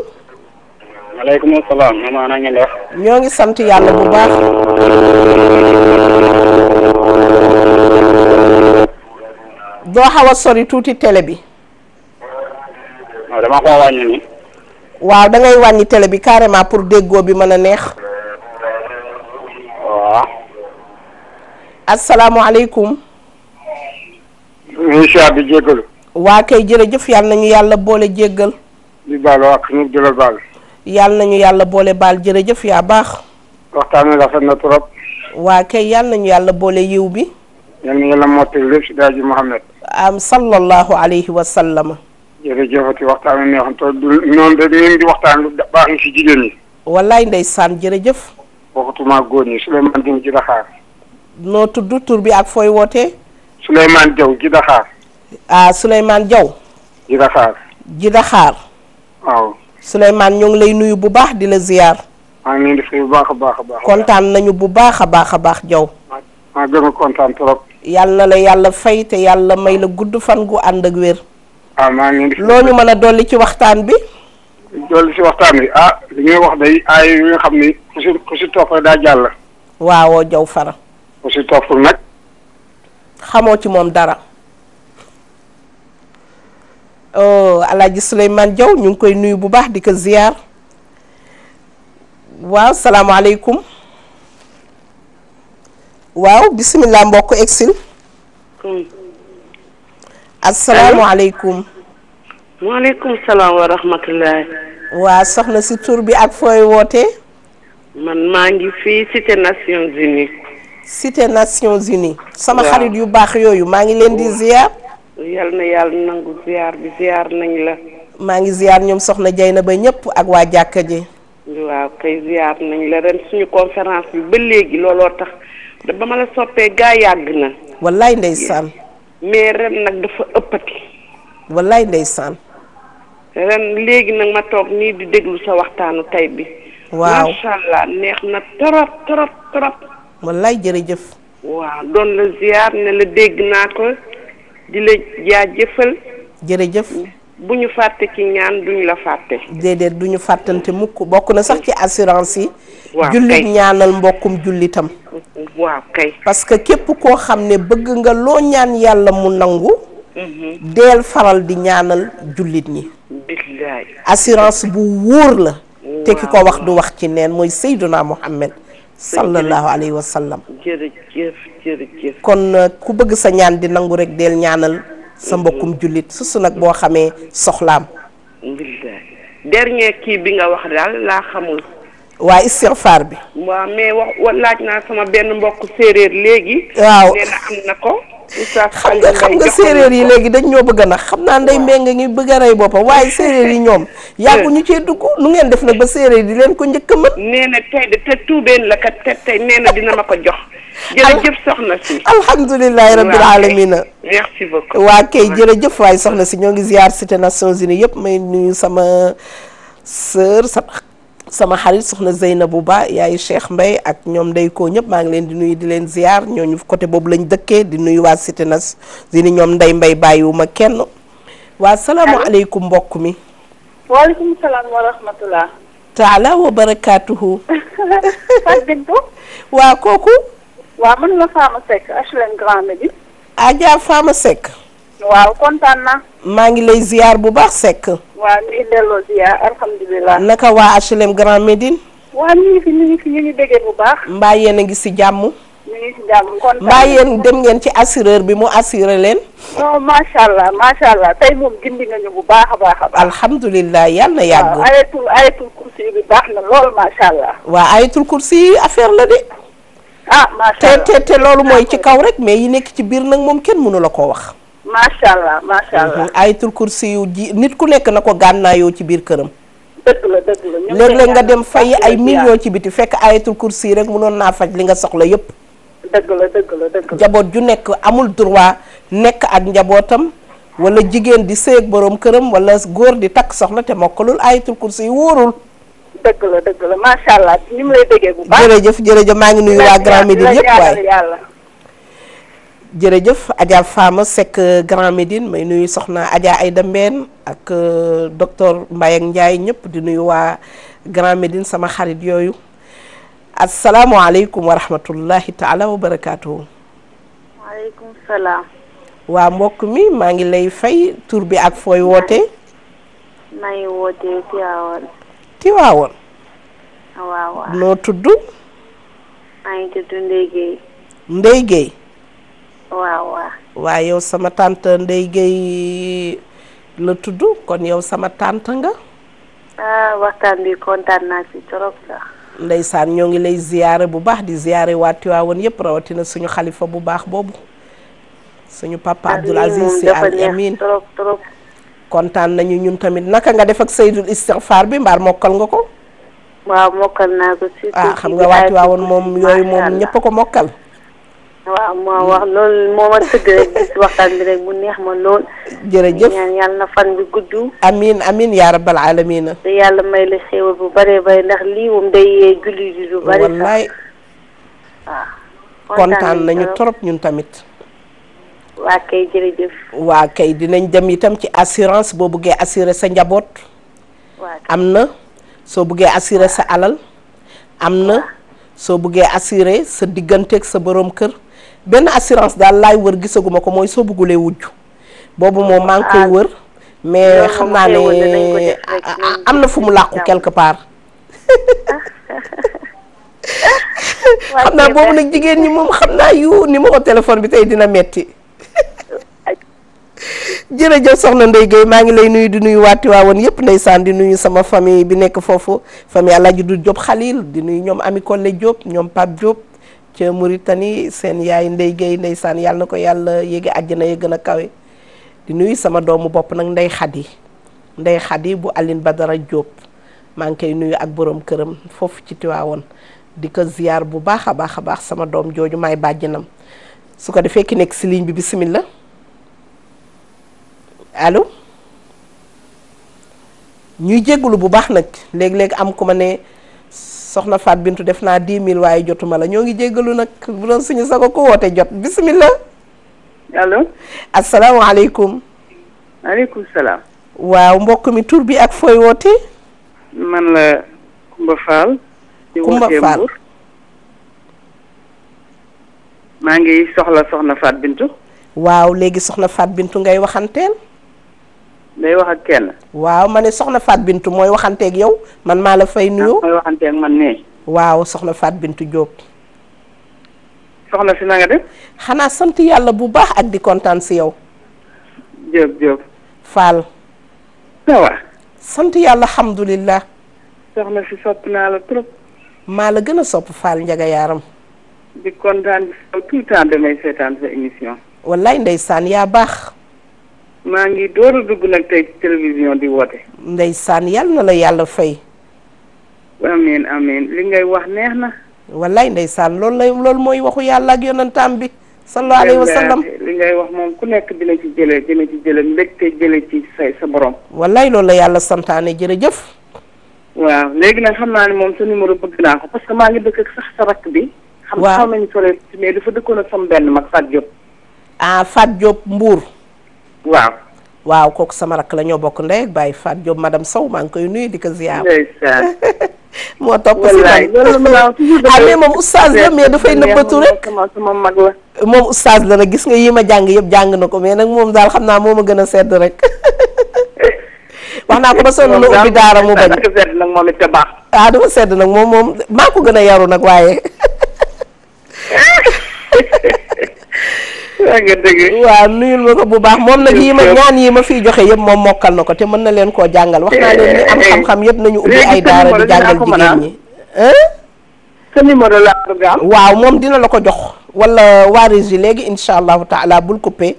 aleykum salaam mamaa na ngeen ñoo ngi sant yàlla bu baax doo xaw a sori tuuti télé bi. waaw dama ko wàññi waaw da wàññi télé bi carrément pour déggoo bi mën a neex. waaw. asalaamualeykum. incha bi jéggalu. waa kay jërëjëf yal nañu yàlla boole jéggal. di baal ak ñu jëlal baal. yal nañu yàlla boole baal jërëjëf yaa baax. waxtaan wi rafet na trop. waa kay yal nañu yàlla boole yiw bi. yal na yàlla mottali lépp si daal ji am sallallahu alayhi wa sallam. jërëjëfati waxtaan wi neexoon te du noonu de ngeen di waxtaan lu baax na si jigéen ñi. wallaay ndeysaan jërëjëf. waxatuma góor ñi Souleymane Diaw ji Daxaar. noo tudd tuur bi ak fooy wootee. Souleymane Diaw ji Daxaar. ah Souleymane Diaw. ji Daxaar. waaw. Souleymane ñoo ngi lay nuyu bu baax di la ziyaar. maa ngi leen di fay baax a baax a baax. kontaan nañu bu baax a baax a baax Diaw. maa gën a kontaan trop. yàlla la yàlla fay te yàlla may la gudd fan gu ànd ak wér. Ah, loo ñu mën a dolli ci waxtaan bi. dolli ci waxtaan bi ah li ngay wax day ay yi xam ni ku si ku si topp daa jàll. waawoo jaw fara. ku si topp nag. xamoo ci moom dara. oh Alaaji Souleymane Diaw ñu ngi koy nuyu bu baax di ko ziyaar. waaw salaamaaleykum. waaw bisimilah mbokk exil. Hmm. asalaamaaleykum. maaleykum salaam wa rahmatulah. waa soxna si tur bi ak fooy woote. man maa ngi fii Cité Nations Unies. Cité Nations Unies. sama xarit yu baax yooyu maa ngi leen di ziar. yal na yàlla nangu ziar bi ziar nañ la. maa ngi ziar ñoom soxna na ba ñëpp ak waa jàkka ji. waaw kay ziar nañ la ren suñu conférence bi ba léegi looloo tax. da ba ma la soppee gaa yàgg na. wallaay ndeysaan. mais ren nag dafa ëppati. wallaay ndeysaan. ren léegi nag ma toog nii di déglu sa waxtaanu tey bi. waaw macha allah neex na trop trop trop. wallaay jërëjëf. waaw doon la ziar ne la dégg naa ko di la jaajëfal. jërëjëf. bu ñu fàtte ci ñaan duñu la fàtte. déedéet du ñu fàttante mukk bokk na sax ci assurance yi. waaw jullit ñaanal mbokkum jullitam. waaw parce que képp koo xam ne bëgg nga loo ñaan yàlla mu nangu. Mhm. deel faral di ñaanal jullit ñi. assurance bu wóor la. te ki ko wax du wax ci neen mooy Seyduna Muhammad. sallallahu alayhi wa sallam. jërëjëf kon ku bëgg sa ñaan di nangu rek deel ñaanal. sa mbokkum jullit susu nag boo xamee soxlaam dernier kii bi nga wax daal laa xamul waa istigfaar bi waaw mais wax laaj naa sama benn mbokk séeréer léegi waaw nee am na ko xam nga xam nga séeréer yi léegi dañ ñoo bëgg a nax xam naa ndey mbeng ngi bëgg a rey boppam waaye séeréer yi ñoom yàggu ñu cee dugg lu ngeen def nag ba séeréer di leen ko njëkk a mën na tey de te tuubeen la kat te tey nee na dina ma ko jox jërëjëf soxna si alhamdulilahi rabbil alamina merci beaucoup waa kay jëf waaye soxna si ñoo ngi ziar cité Nations Unies yëpp may nuyu sama sœur sama sama xarit soxna Zeynabu Ba yaayu Cheikh mbay ak ñoom day koo ñëpp maa ngi leen di nuyu di leen ziar ñooñu côté boobu lañ dëkkee di nuyu waa Cité Nas di ni ñoom Ndeye Mbaye bàyyiwuma kenn waa salaamualeykum mbokk mi. waaleykum salaam waa kooku. waa man la Fama Seck HLM Grand Médine. Adja Fama Seck. waaw kontaan na. maa ngi lay ziar bu baax Seck. waaw ñu ngi delloo ziar alhamdulilah. naka waa HLM Grand Médine. waa ñu ngi fi ñu ngi fi ñu ngi déggee bu baax. mbaa yéen a ngi si jàmm. ñu ngi yéen dem ngeen ci assureur bi mu assuré leen. non macha allah macha allah tey moom gindi nga ñu bu baax a baax a baax. alhamdulilah yàlla yàgg. ayatul ayatul kursi bi baax na lool macha allah. waa ayatul kursi affaire la de. ah macha te te te loolu mooy ci kaw rek mais yi nekk ci biir nag moom kenn mënu la koo wax. macha allah macha allah. Mhm. ayatul kursi yu ji nit ku nekk na ko gànnaayoo ci biir këram. dëgg la léeg-léeg nga dem fay ay millions ci biti fekk ayatul kursi rek mënoon naa faj li nga soxla yépp dëgg la dëgg la dëgg la njaboot ju nekk amul droit nekk ak njabootam wala jigéen di seeg boroom këram wala góor di takk soxna te mokkalul ayatul kursi yi wóorul. dëgg macha allah ni mu lay maa ngi nuyu waa Grand Médine yëpp waay jërëjëf Adja Fama Seck Grand Médine may nuyu soxna Adja Aïda Mbène ak euh, docteur mbay ak Ndiaye ñëpp di nuyu waa Grand Médine sama xarit yooyu asalaamualeykum wa rahmatullahi taala wa barakaatu. waa mbokk mi maa ngi lay fay tur bi ak fooy wootee. maa ngi wootee noo tudd. maa ngi tudd Ndeye Guèye. waaw waaw. waaw yow sama tante Ndeye Guèye la tudd kon yow sama tànt nga. ah waxtaan kontaan naa ci trop ñoo ngi lay ziyaare bu baax di ziyaare waa Tiwaawan yëpp rawatina suñu xalifa bu baax boobu suñu papa Abdoul Aziz Amine trop trop kontaan nañu ñun tamit naka nga defak ak Seydul Istighfar bi mbaar mokkal nga ko waaw mokkal naa ko ah xam nga waa Tiwaawan moom yooyu moom ñëpp ko mokkal waaw ma wax loolu moo ma tëdd rek gis waxtaan bi rek bu neex ma lool. jërëjëf ñaan yàlla na fan bi gudd. amiin amiin yaa rabbal aalamiina. te yàlla may la xéewal bu bëree bëri ndax lii day yee julli ji lu bëri. wallaay kontaan nañu trop ñun tamit. waa kay jërëjëf. waa kay dinañ dem itam ci assurance boo buggee assurer sa njaboot. am na soo buggee assure sa alal. am na soo buggee assure sa digganteeg sa boroom kër. benn assurance daal laay wër gisaguma ko mooy soo bëggulee wujj boobu moom maa ngi koy ah, wër mais xam naa ne am na fu mu làqu quelque part xam naa boobu nag jigéen ñi moom xam naa yu numéro téléphone bi tey dina metti jërëjëf soxna Ndeye Guèye maa ngi lay nuyu di nuyu waati waa woon yëpp ndeysaan di nuyu sama famille bi nekk foofu famille Alaaji du Diop Khalil di nuyu ñoom Ami Collé Diop ñoom Pape Diop ca Mauritanie seen yaay Ndey Guèye ndeysaan yàlla na ko yàlla yéegi àjjana ya gën a kawe di nuyu sama doomu bopp nag Ndey Xadi Ndey Xadi bu ba dara Diop maa ngi koy nuyu ak boroom këram foofu ci Tiwaawoon di ko ziyaar bu baax a baax a baax sama doom jooju may bàjjinam su ko defee ki nekk si ligne bi bismillah allo ñuy jégalu bu baax nag léeg-léeg am ku ma ne. soxna Faat Bintu def naa 10 000 waaye jotuma la ñoo ngi jéggalu nag bu doon suñu sago ko woote jot bismillah allo asalaamaaleykum aleykum salaam waaw mbokk mi tur bi ak fooy woote man la Kumba Fall di wootee maa ngi soxla soxna Faat Bintu waaw léegi soxna Faat Bintu ngay waxanteel day wax ak kenn. waaw ma ne soxna Faat Bintu mooy waxanteeg yow man maa la fay nuyu. mooy waxanteeg man nii. waaw soxna Faat Bintu Diop. soxna si na def. xanaa sant yàlla bu baax ak di kontaan si yow. Diop Diop. Fall. sant yàlla alhamdulilah. soxna si sopp naa la trop. maa la gën a sopp Fall Njaga Yaaram. di kontaan si yow tout temps damay seetaan sa émission. wallaay ndeysaan yaa baax. maa ngi door a dugg nag tey télévision di ndey saan yàlla na la yàlla fay. amiin amiin li ngay wax neex na. wallaay saan loolu la loolu mooy waxu yàlla ak yonantaam bi. sallallahu alayhi wa sallam ngay wax moom ku nekk dina ci jëlee dina ci jëlee mbégte jëlee ci say sa borom. wallaay loolu la yàlla santaane jërëjëf. waaw léegi nag xam naa ne moom sa numéro bëgg naa ko parce que maa ngi dëkk ak sax sa rakk bi. waaw xam xaw nañu solo mais dafa dëkkoon a sama benn mag Fatou Diop. ah Fatou Diop Mbour. waaw. waaw kooku sama rakk la bokk ndey ak Baye Faat ma madame Sow maa ngi koy nuyu di ko ziar. moo topp si man ah mais moom oustaz la mais dafay nëbbatu rek. moom oustaz la nag gis nga yi ma jàng yëpp jàng na ko mais nag moom daal xam naa moo ma gën a sedd rek. wax naa ko ba sonn na ubbi daara mu bañ. ah dafa sedd nag moom moom maa ko gën a yaru nag waaye. waaw nuyul ma ko bu baax moom nag yi ma ñaan yi ma fiy joxe yëpp moom mokkal na ko te mën na leen koo jàngal wax naa leen am eh, eh, xam-xam yëpp nañu ubbi ay daara di jàngal jigéen ñi sa numéro waaw moom dina la ko jox wala waaris yi léegi incha allahu taala bul coupé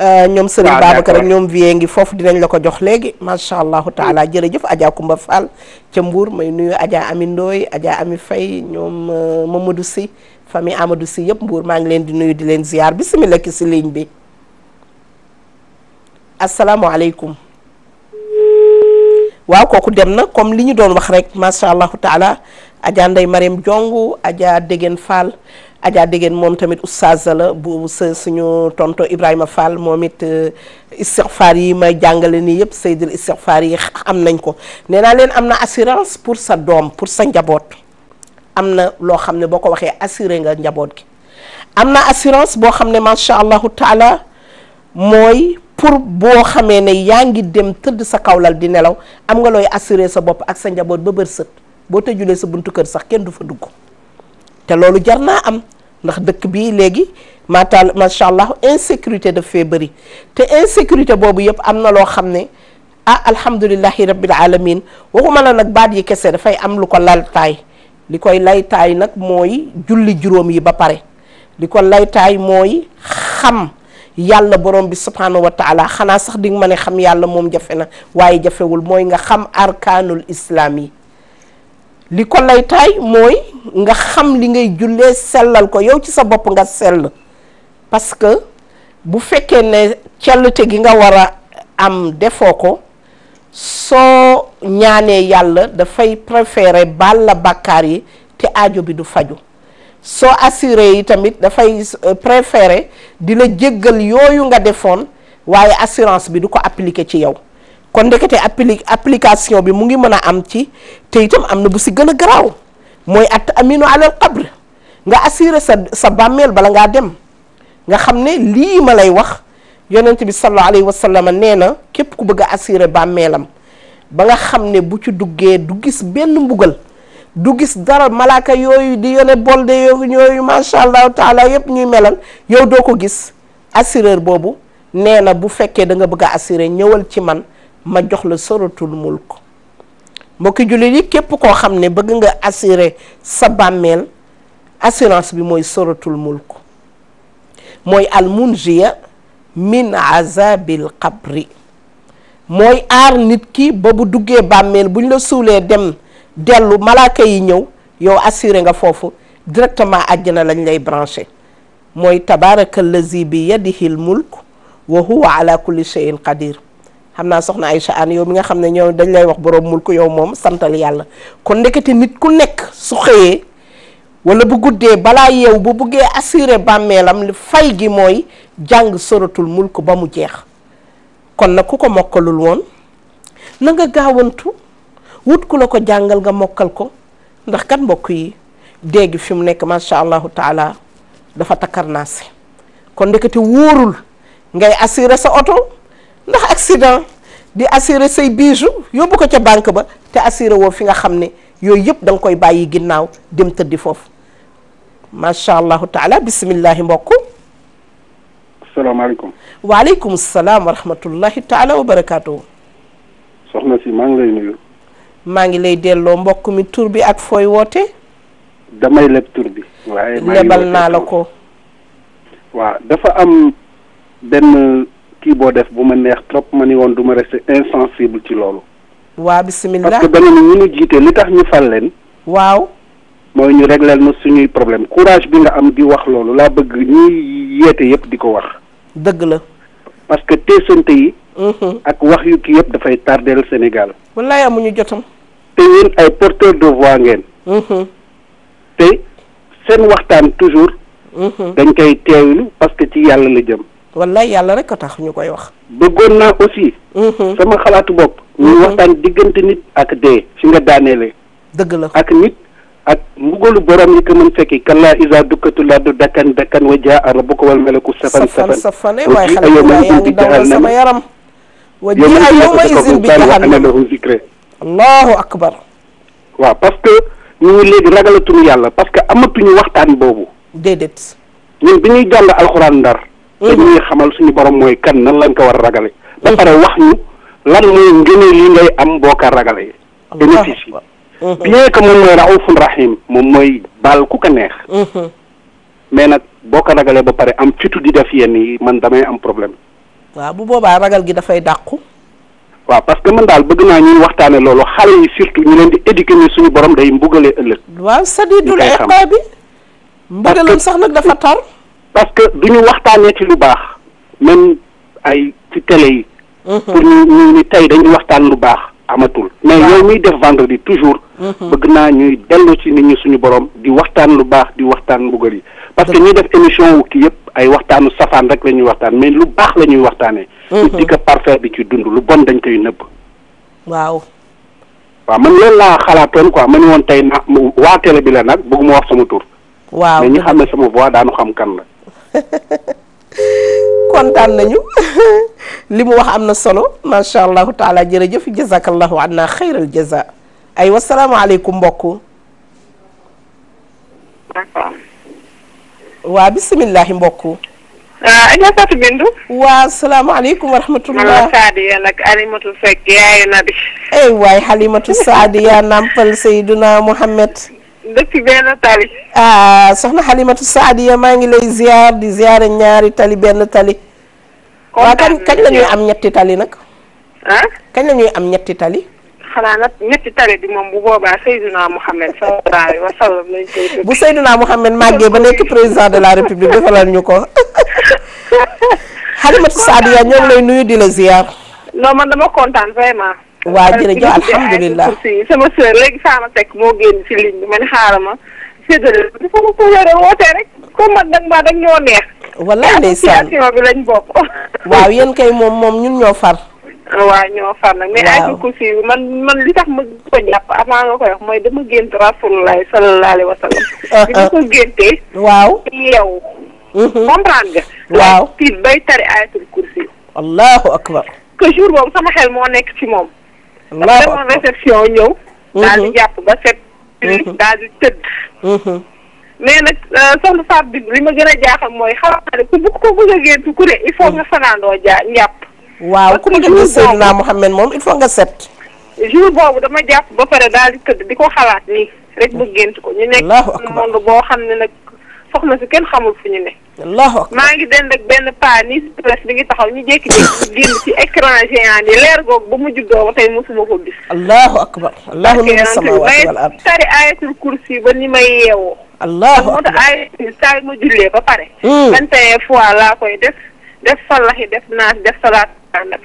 euh, ñoom sëriñ Babacar ak ñoom vie ngi foofu dinañ la ko jox léegi macha allahu taala mm. jërëjëf Adja Kumba Fall ca Mbour may nuyu Adja Ami Ndoy Adja Ami Fay ñoom euh, Mamadou Sy famille Amadou si yëpp Mbour maa ngi leen di nuyu di leen ziar bisimilah ki si ligne bi asalaamualeykum waaw kooku dem na comme li ñu doon wax rek macha allahu taala Adja Ndeye Mariam Jongu Adja Degen Fall Adja Degen moom tamit oustaz la bu sa suñu tonto Ibrahima Fall moom it euh, istighfar yi may jàngale nii yëpp seydil istighfar yi am nañ ko nee naa leen am na assurance pour sa doom pour sa njaboot. am na loo xam ne boo ko waxee assuré nga njaboot gi am na assurance boo xam ne macha allahu taala mooy pour boo xamee ne yaa ngi dem tëdd sa kawlal di nelaw am nga looy assuré sa bopp ak sa njaboot ba bër sët boo tëjulee sa buntu kër sax kenn du fa dugg te loolu jar naa am ndax dëkk bi léegi matal macha allah insécurité daf fee bëri te insécurité boobu yëpp am na loo xam ne ah alhamdulilahi rabbil alamin waxuma la nag baat yi kese dafay am lu li koy laytaay nag mooy julli juróom yi ba pare li ko laytaay mooy xam yàlla borom bi subhanahu wa taala xanaa sax di nga ma ne xam yàlla moom jafe na waaye jafewul mooy nga xam arkaanul islaam yi li ko laytaay mooy nga xam li ngay jullee sellal ko yow ci sa bopp nga sell parce que bu fekkee ne cellte gi nga war a am defoo ko soo ñaanee yàlla dafay préférer baal la bàkkaar yi te ajo bi du faju soo assuré yi tamit dafay euh, préférer di la jéggal yooyu nga defoon waaye assurance bi du ko appliquer ci yow kon ndekete appli application bi mu ngi mën a am ci te itam am na bu si gën a garaaw mooy at aminu alal qabr nga assuré sa sa bàmmeel bala ngaa dem nga xam ne lii ma lay wax yonent bi sallallahu alayhi wa nee na képp ku bëgg a assuré bàmmeelam ba nga xam ne bu ci duggee du gis benn mbugal du gis dara malaaka yooyu di yone bolde yooyu yooyu macha allahu taala yépp ñuy melal yow doo ko gis assureur boobu nee na bu fekkee da nga bëgg a assuré ñëwal ci man ma jox la soratul mulk mbokki jullit yi képp koo xam ne bëgg nga assuré sa bàmmeel assurance bi mooy soratul mulk mooy almunjiya min azabil qabri mooy aar nit ki ba bu duggee bàmmeel buñ la suulee dem dellu malaaka yi ñëw yow assuré nga foofu directement àjjana lañ lay branché mooy tabaraka allazi bi yadihi l mulk wa huwa ala kulli shay'in qadir xam naa soxna Aïcha an yow mi nga xam ne ñow dañ lay wax borom mulk yow moom santal yàlla kon ndekete nit ku nekk su xëyee wala bu guddee balaa yeew bu buggee assuré bàmmeelam fay gi mooy jàng soratul mulk ba mu jeex kon nag ku ko mokkalul woon na nga gaawantu wut ku la ko jàngal nga mokkal ko ndax kat mbokk yi dégg fi mu nekk macha allahu taala dafa takkar naase kon ndekete wóorul ngay assurer sa oto ndax accident di assurer say bijoux yóbbu ko ca banque ba te assurer woo fi nga xam ne yooyu yëpp danga koy bàyyi ginnaaw dem tëddi foofu macha allahu taala bisimillahi mbokk salaamaaleykum. waaleykum salaam wa rahmatullahi taala wa barakaatu. soxna si maa ngi lay nuyu. maa ngi lay delloo mbokk mi tur bi ak fooy woote. damay leb tur bi. waaye lebal naa la ko. waaw dafa am benn kii boo def bu ma neex trop ma ni woon du ma rester insensible ci loolu. waa bisimilah parce que danañu ñu nu jiite li tax ñu fal leen. waaw. mooy ñu régler ma suñuy problème courage bi nga am di wax loolu laa bëgg ñuy yeete yëpp di ko wax. dëgg la. parce que teesante yi. Mhm. ak wax yu kii yëpp dafay tardeel Sénégal. wallaay amuñu jotam. te yéen ay porteur de voix ngeen. Mhm. te seen waxtaan toujours. Mhm. dañ koy teewlu parce que ci yàlla la jëm. wallaay yàlla rek a tax ñu koy wax. bëggoon naa aussi. sama xalaatu bopp. ñuy waxtaan diggante nit ak dee. fi nga daaneele. dëgg la ak nit. ak mbugalu borom yi ko mën fekki kalla isa dukkatul ardu dakkan dakkan wa jaa rabbuka wal malaku safan safan safane eh, waaye xanaa yow yaa ngi dawal sama yaram wa ji a yowma isin bi jahannam lahu zikre akbar waaw parce que ñu ngi léegi ragalatuñu yàlla parce que amatuñu waxtaan boobu déedéet ñun bi ñuy jàll alxuraan ndar dañuy mhm. xamal suñu borom mooy kan nan lañ ko war a ragale ba mhm. pare wax ñu lan mooy ngëneel yi ngay am boo ko ragalee bénéfice yi bien que moom mooy raufun rahim moom mooy baal ku ko neex. Mhm. mais nag boo ko ragalee ba pare am fitu di def yenn yi man damay am problème. waaw bu boobaa ragal gi dafay dàqu. waaw parce que man daal bëgg naa ñuy waxtaane loolu xale yi surtout ñu leen di éduquer ni suñu borom day mbugalee ëllëg. waaw sadidul iqaabi mbugalam sax nag dafa tar. parce que du ñu waxtaanee ci lu baax même ay ci télé yi. Mhm. pour ñu ñu ni tey dañuy waxtaan lu baax amatul. mais yow miy def toujours. bëgg naa ñuy dellu ci nit ñi suñu borom di waxtaan lu baax di waxtaan mbugal yi parce que ñuy def émission wu kii yëpp ay waxtaanu safaan rek la waxtaan mais lu baax la ñuy waxtaanee ñu mhm. di ko bi ci dund lu bon dañ koy nëbb waaw waa man loolu laa xalaatoon quoi man woon tey na waa télé bi la nag bëgguma wax sama tur waaw mais ñi xam ne sama voix daanu xam kan la kontaan nañu li mu wax am na solo macha allahu taala jërëjëf jazakallahu anna xayral ay wasalaamaaleykum mbokk. waa bisimilahi mbokk. waaw ah, Adja Fatou Bintou. waaw salaamaaleykum wa rahmatulah. man la Saadiya waay Halimatu Saadiya nampal Seyduna Muhammad. dëkk benn tali. ah soxna Halimatu Saadiya maa ngi lay ziar di ziar ñaari tali benn tali. kañ kañ am ñetti tali nag. Ah? kañ la am ñetti tali. xanaa nag ñetti tari bi moom bu boobaa Seydouna Mouhamed sallallahu alayhi wa sallam lañ koy bu Seydouna Mouhamed màggee ba nekk président de la république defalal ñu ko. Halimatu Saadiya ñoo ngi lay nuyu di la ziar. non man dama kontaan vraiment. waa jërëjëf alhamdulilah sama sœur léegi sama teg moo génn ci ligne bi ma séddale dafa ma ko wootee rek comme man nag maa dañ ñoo neex. wallaay ndeysaan bi lañ bokk. waaw yéen kay moom moom ñun ñoo far. waaw ñoo far nag. mais ayatul kursi bi man man li tax ma ko jàpp avant nga koy mooy dama gént rasulullahi sallallahu alayhi wa sallam. Ah, bi ma ah. ko géntee. waaw yow. Mhm. comprendre nga. waaw tiit bay tari ayatul kursi. allahu akbar. que jour boobu sama xel moo nekk ci moom. allahu akbar dafa réception ñëw. Mhm. daal di jàpp ba set. Mhm. daal di tëdd. mais nag euh, soxna Fatou bi li ma gën a jaaxal mooy xam naa ne ku bëgg ko bëgg a gént ku ne il faut nga fanaandoo njàpp. waaw ku bëgg a gis Seydina Mouhamed moom il faut nga set. jour boobu dama jàpp ba pare daal di këdd di ko xalaat nii rek ba gént ko. ñu nekk monde boo xam ne nag soxna si kenn xamul fu ne. allahu akbar maa ngi dend ak benn paa nii si bi ngi taxaw ñu jékki-jékki génn ci écran géant leer googu ba mu juddoo ba tey mosuma ko gis. allahu akbar allahu nuru samaawaati wal ard tari ayatul kursi ba ni may yeewoo. allahu akbar moo tax ayatul saa ma jullee ba pare. Hmm. vingt fois laa koy def def sallaxi def naas def salaat.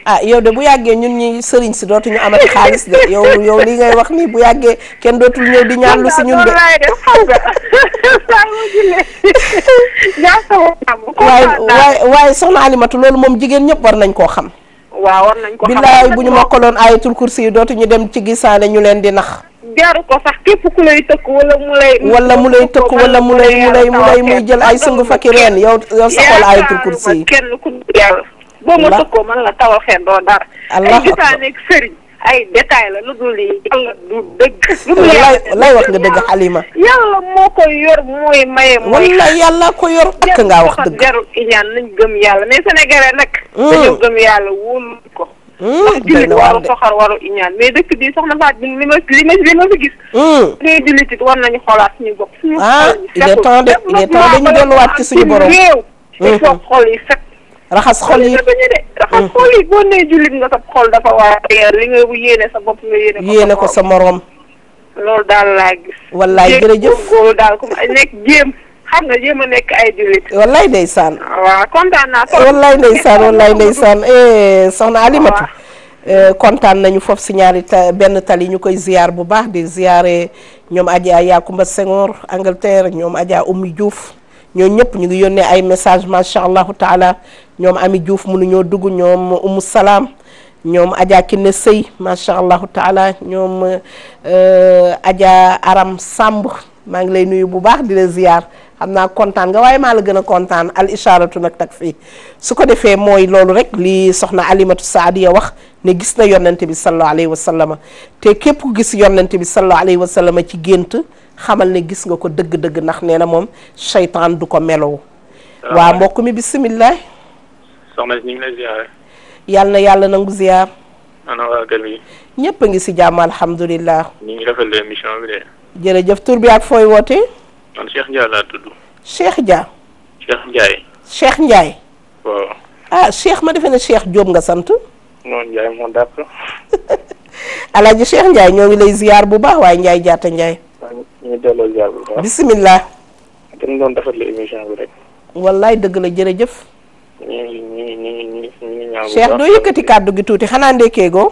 ah yow de bu yàggee ñun ñi sëriñ si dootuñu amati xaalis de yow yow li ngay wax nii bu yàggee kenn dootul ñëw di ñaan lu si ñun de. waaye waaye waaye soxna Alimatu loolu moom jigéen ñëpp war nañ koo xam. waaw war nañ ko xam billaay bu ñu mokkaloon ayatul kursi yi dootuñu dem ci gisaane ñu leen di nax. jaru ko sax képp ku lay tëkk wala mu lay. wala mu tëkk wala mu lay mu lay muy jël ay sëngu fakki reen yow yow saxool ayatul kursi yi. boo ma tëkkoo man la tawal xel doo dara. ay gisaane ak sëriñ ay détail la lu dul yi yàlla du dëgg. lu mu lay wax nga dëgg Halima. yàlla moo ko yor mooy maye. mooy wala yàlla ko yor ak ngaa wax dëgg. jarul iñaan nañ gëm yàlla mais sénégalais nag. Hmm. dañoo gëm yàlla wóolu ko. Hmm, ndax jullit waru soxor waru iñaan mais li ma li ma li ma fi gis. ngay hmm. jullit it war nañu xoolaat suñu bopp. suñu ah, xol yi il est temps xol yi set. raxas xol yi raxas jullit nga sa xol dafa war li nga yéene sa bopp yéene ko sa moroom loolu daal laa gis. wallaay jërëjëf jéem daal ku nekk jéem. xam nekk ay jullit. wallaay ndeysaan. waaw kontaan naa trop. wallaay ndeysaan eh, soxna Alimatu. Eh, kontaan nañu foofu si ñaari ta benn tali ñu koy ziar bu baax di ziare ñoom Adja Yakumba Senghor Angleterre ñoom Adja Oumy Diouf. ñoo ñëpp ñu ngi yónnee ay message macha allahu taala ñoom Ami Diouf mënuñoo dugg ñoom Umu Salaam ñoom Adja Kine Sey macha allahu taala ñoom euh, Adja Aram sàmb maa ngi lay nuyu bu baax di la ziyaar xam naa kontaan nga waaye maa la gën a kontaan al isharatu nag tag fii su ko defee mooy loolu rek lii soxna Alimatu Saadiya wax ne gis na yonante bi sallallahu alayhi wa te képp gis yonante bi sallallahu alayhi wa ci gént xamal ne gis nga ko dëgg-dëgg ndax nee na moom seytaan du ko meloo waa mbokk mi bisimilah. soxna na yàlla nangu ziar. ana a ngi si jàmm alhamdulilah. ñu ngi rafetlu jërëjëf tur fooy wootee. man Cheikh Ndiaye laa ah Cheikh ma defe ne Cheikh Diop nga sant. noonu Ndiaye moo dàq. Alaaji Cheikh Ndiaye ñoo ngi lay ziar bu baax waaye Ndiaye jaata Ndiaye. ñu delloo wallaay dëgg la jërëjëf. jëf ngi doo yëkkati kàddu gi tuuti xanaa ndekkee goo.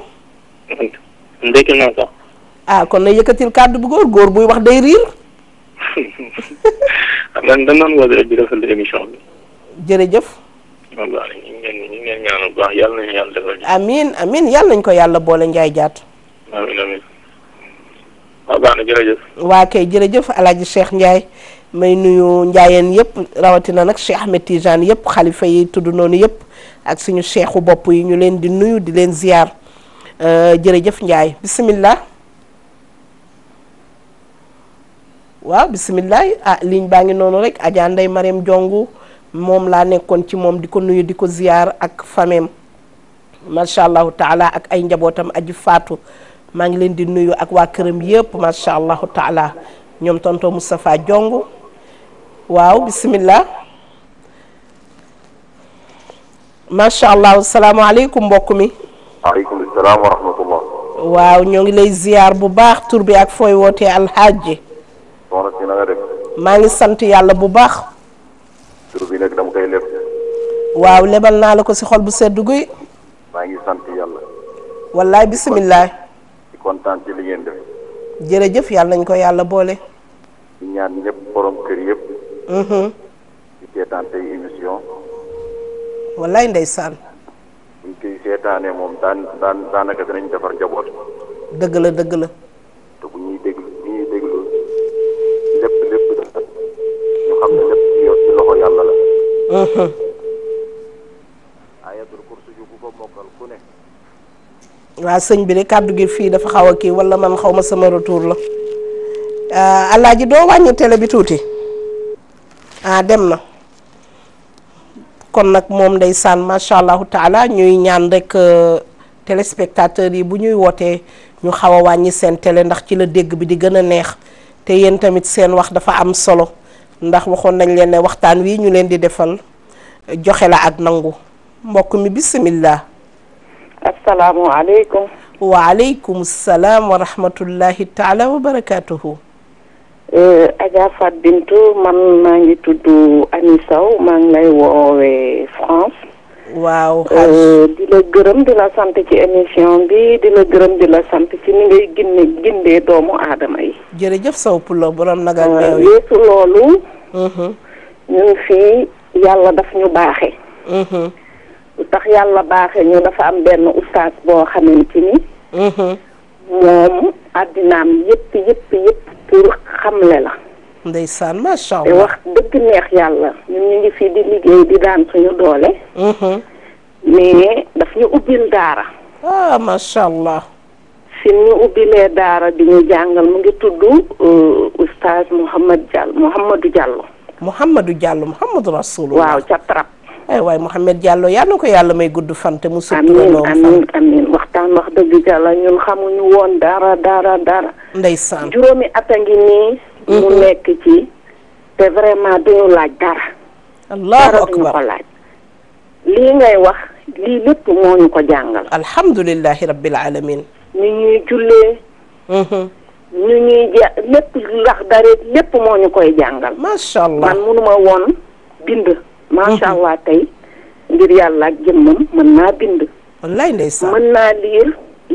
ndekki naa sax. ah kon na yëkkatil kàddu bu góor góor buy wax day riir. xam nga dañu wallaahi ñu ngi yàlla nañu ko yàlla boole njaay Diatta. amiin jërëjëf. waa kay jërëjëf El Hadj Cheikh may nuyu njaayeen yëpp rawatina nag Cheikh Ahmed Tidiane yëpp xalifa yi tudd noonu yëpp ak suñu cheikhu bopp yi ñu leen di nuyu di leen ziar euh, jërëjëf njaay bisimilah. waaw bisimilah ah baa ngi noonu rek Adja Ndeye Mariam Jongu. moom laa nekkoon ci moom di ko nuyu di ko ziyaar ak fameem macha allahu taala ak ay njabootam aji faatu maa ngi leen di nuyu ak waa këram yëpp macha allahu taala ñoom tonton Moustapha Jong waaw bismillah macha allah mbokk mi. waaleykum waaw ñoo ngi lay ziyaar bu baax tur bi ak fooy wootee alxaaji. maa ngi sant yàlla bu baax. tur nag dama koy leb. waaw lebal naa la ko si xol bu sedd guy. maa ngi sant yàlla. wallaay bisimilah. di kontaan yàlla nañ ko yàlla boole. di ñaan ñëpp borom kër yëpp. Mm-hmm. di seetaan tey émission. wallaay ndeysaan. buñ koy seetaanee moom daan daan daanaka dinañ defar njaboot. dëgg la dëgg la. te bu ñuy déglu bu ñuy déglu lépp lépp dafa xam ne lépp. waa sëñ bi de kàddu gi fii dafa xaw a kii walla man xaw ma sama retour la. Ah, Alaaji doo wàññi télé bi tuuti. ah dem na. kon nag moom ndeysaan macha allahu taala ñuy ñaan rek euh, téléspectateurs yi bu ñuy wootee ñu xaw a wàññi seen télé ndax ci la dégg bi di gën a neex te yéen tamit seen wax dafa am solo. ndax waxoon nañ leen ne waxtaan wii ñu leen di defal joxe la ak nangu mbokk mi bisimilah. asalaamualeykum. waaleykum salaam wa rahmatullahi taala wa barakaatuhu. Eh, Adja Fat man maa ngi tudd Ami maa ngi lay woowee France. waaw euh, di la gërëm di la sant ci émission bi di la gërëm di la sant ci ni ngay ginne gindee doomu aadama yi. jërëjëf Sow Poulo borom nag meew euh, yi weesu loolu. Mhm. ñun fii yàlla daf ñu baaxe mhm. lu tax yàlla baaxe ñu dafa am benn ustaas boo xamante ni. Mhm. moom àddinaam yëpp yëpp yëpp pour xamle la. ndeysaan macha allah wax dëgg neex yàlla ñun ñu ngi fii di liggéey di daan suñu doole. Mm-hmm. mais daf ñu ubbil daara. ah macha allah. fi ñu ubbilee daara di ñu jàngal mu ngi tudd euh, oustaz Mouhamad Diallo Mouhamadou Diallo. Mouhamadou Diallo Mouhamadou Rasulullah. waaw ca Trap. ay waaye Mouhamed Diallo yal na ko yàlla may gudd fan te mu suturaloo fan amiin amiin waxtaan wax dëgg Diallo ñun xamuñu woon dara dara dara. ndeysaan juróomi at a ngi nii. mu mm-hmm. nekk ci te vraiment duñu laaj dara allahu akbar lii ngay wax lii lépp moo ñu ko jàngal alhamdulilahi rabbil alamin ñu ñuy jullee ñu mm-hmm. ñuy ja lépp lax dareet lépp moo ñu koy jàngal macha allah man munuma woon bind macha mm-hmm. allah tey ngir yàlla ak jëmmam mën naa bind wallaay naa liir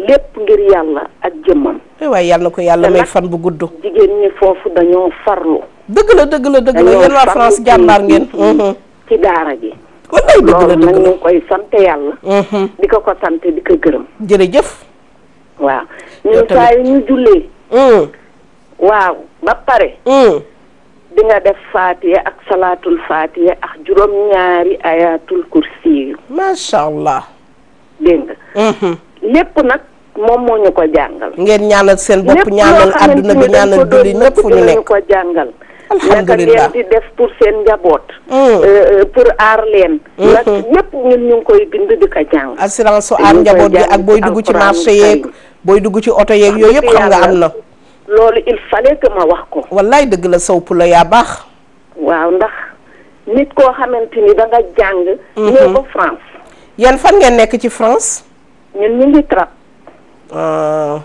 lépp ngir yàlla ak jëmmam Eh, waaye na ko yàlla may fan bu gudd. jigéen ñi foofu dañoo farlu. dëgg la dëgg la dëgg la yéen waa France jàmbaar ngeen. Mhm. ci daara ji. wallaay dëgg la dëgg la loolu nag ñu koy sant yàlla. Mhm. di ko ko sant di ko gërëm. jërëjëf. waaw ñun saa mhm. pare. di nga def faatiya ak salaatul faatiya ak juróom-ñaari ayatul kursi. lépp nag. moom moo ñu ko jàngal. ngeen ñaanal seen bopp ñaanal àdduna bi ñaanal duli nëpp fu ñu nekk ko jàngal. naka def pour seen njaboot. Mm. Euh, euh, pour aar leen. Mm-hmm. nag ñëpp ñun ñu koy bind di ko jàng. assurance su aar njaboot bi ak booy dugg ci marché yeeg booy dugg ci oto yeeg yooyu yëpp xam nga am na. loolu il fa que ma wax ko. wallaay dëgg la sow pour yaa baax. waaw ndax nit koo xamante ni danga jàng. Mm-hmm. ñëw ba France. yan fan ngeen nekk ci France. ñun ñu ngi Euh,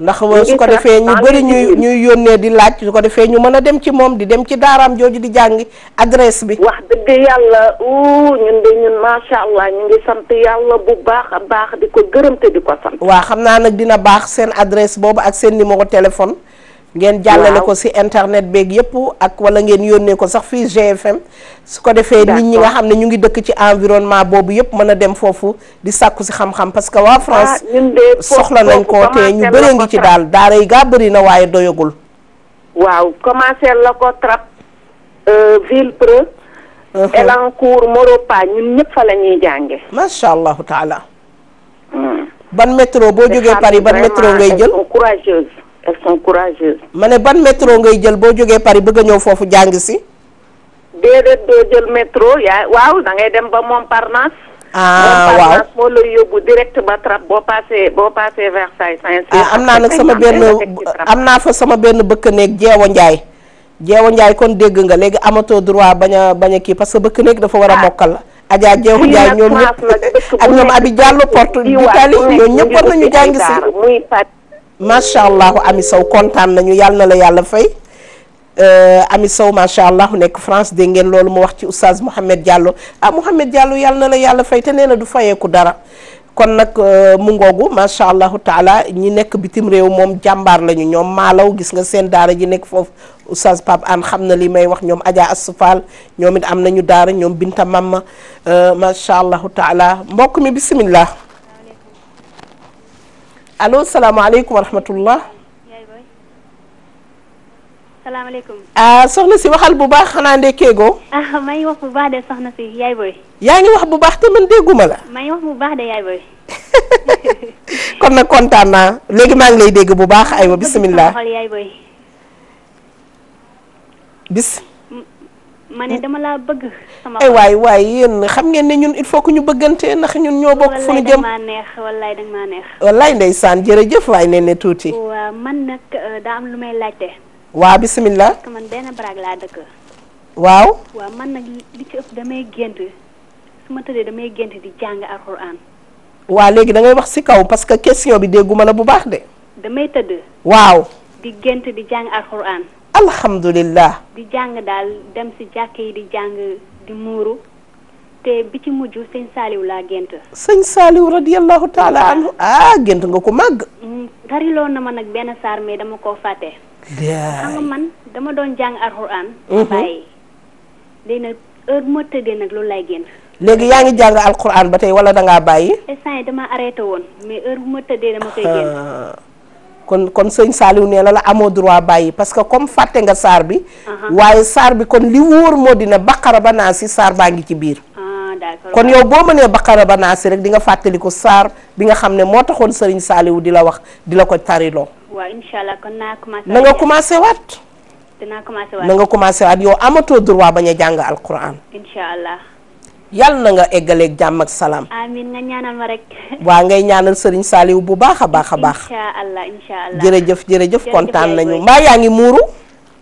ndax su ko defee ñu bëri ñuy ñuy yónnee di laaj su ko defee ñu mën a dem ci moom di dem ci daaraam jooju di jàngi adresse bi. wax dëgg yàlla oo ñun de ñun macha allah ñu ngi sant yàlla bu baax a baax di ko gërëm te di ko sant. waaw xam naa nag dina baax seen adresse boobu ak seen numéro téléphone. ngeen jàllale ko si internet beeg yëpp ak wala ngeen yónnee ko sax fii GFM su ko defee nit ñi nga xam ne ñu ngi dëkk ci environnement boobu yëpp mën a dem foofu di sàkku si xam-xam parce que waa France ah, soxla nañ ko te ñu bëree ngi ci daal daara yi gaa bëri na waaye doyagul waaw commencé la ko trap euh, uh-huh. Moropa ñun ñëpp fa la ñuy jànge macha allahu taala hmm. ban métro boo jógee Paris ban métro ngay jël elles ma ne ban métro ngay jël boo jógee Paris bëgg a ñëw foofu jàng si. déedéet doo jël métro yaa waaw da ngay dem ba Montparnasse. ah waaw Montparnasse moo lay ah, am naa nag sama benn am naa fa sama benn bëkk néeg Jeewo Njaay. Jeewo Njaay kon dégg nga léegi amatoo droit bañ a bañ kii parce que bëkk néeg dafa war a ah. mokkal. Adja Jeewo Njaay ñoom ñëpp ak ñoom Abi Diallo porte d'Italie ñoom ñëpp nañu jàng si. macha allah Ami Sow kontaan nañu yàlla na la yàlla fay euh, Ami Sow macha allah nekk France dégg ngeen loolu mu wax ci oustaz Mouhamed Diallo ah Mouhamed Diallo yàlla na la yàlla fay te nee na du fayeeku dara. kon nag euh, mu ngoogu macha allahu taala ñi nekk bitim réew moom jàmbaar lañu ñoom maalaw gis nga seen daara ji nekk foofu oustaz Pape An xam na li may wax ñoom Adja Asfal ñoomit it am nañu daara ñoom Binta Mamma euh, macha allahu taala mbokk mi bisimilah. allo salaamaaleykum wa rahmatullah. salaamaaleykum. ah soxna si waxal bu baax xanaa ndekkeegoo. ah maa ngi wax bu baax de soxna si yaay booy. yaa ngi wax bu baax te man dégguma la. maa ngi wax bu baax de yaay booy. kon nag kontaan naa léegi maa ngi lay dégg bu baax aywa bisimilah. bis. ma ne dama laa bëgg. ay eh, waay waaye yéen xam ngeen ne ñun il faut que ñu bëggante ndax ñun ñoo bokk fu ñu jëm wallaay da ma maa neex wallaay saan jërëjëf waay nee ne tuuti waaw man nag euh, daa am lu may laajte waa bismillah man benn baraag laa dëkk waaw man nag li ci ëpp damay gént ma tëddee damay gént di jàng alxuraan waa léegi da ngay wax si kaw parce que question bi dégguma la bu baax de damay tëdd waaw di gént di jàng alxuraan alhamdulillah di jàng daal dem si jàkk yi di jàng di muuru te bi ci mujj sëñ Saaliw laa gént. sëñ Saaliw radiyallahu taala anhu ah gént nga ko màgg. Mm, tariloon na ma nag benn saar mais dama koo fàtte. xam nga man dama doon jàng alxuraan. Mhm. bàyyi léegi nag heure bu ma tëddee nag loolu laay gént. léegi yaa ngi jàng alxuraan ba tey wala da ngaa bàyyi. instant yi dama arrêté woon mais heure bu ma tëddee dama koy gént. Ah. kon kon sëñ Saliou nee la la amoo droit bàyyi parce que comme fàtte nga saar bi. Uh-huh. waaye saar bi kon li wóor moo dina baqara ba naa si saar baa ngi ci biir. Ah, kon yow boo mënee baqara ba naa si rek di nga fàttaliku saar bi nga xam ne moo taxoon sëriñ saaliwu di la wax dina ko tariloo. waaw incha allah kon naa commencé. na nga commencé waat. dinaa commencé waat nga commencé waat yow amatoo droit bañ a jàng alquran. incha allah. yàlla na nga eggaleeg jàmm ak salaam. waa ngay ñaanal Serigne Saliou bu baax a baax a baax. incha allah incha allah jërëjëf jërëjëf kontaan nañu mbaa yaa ngi muuru.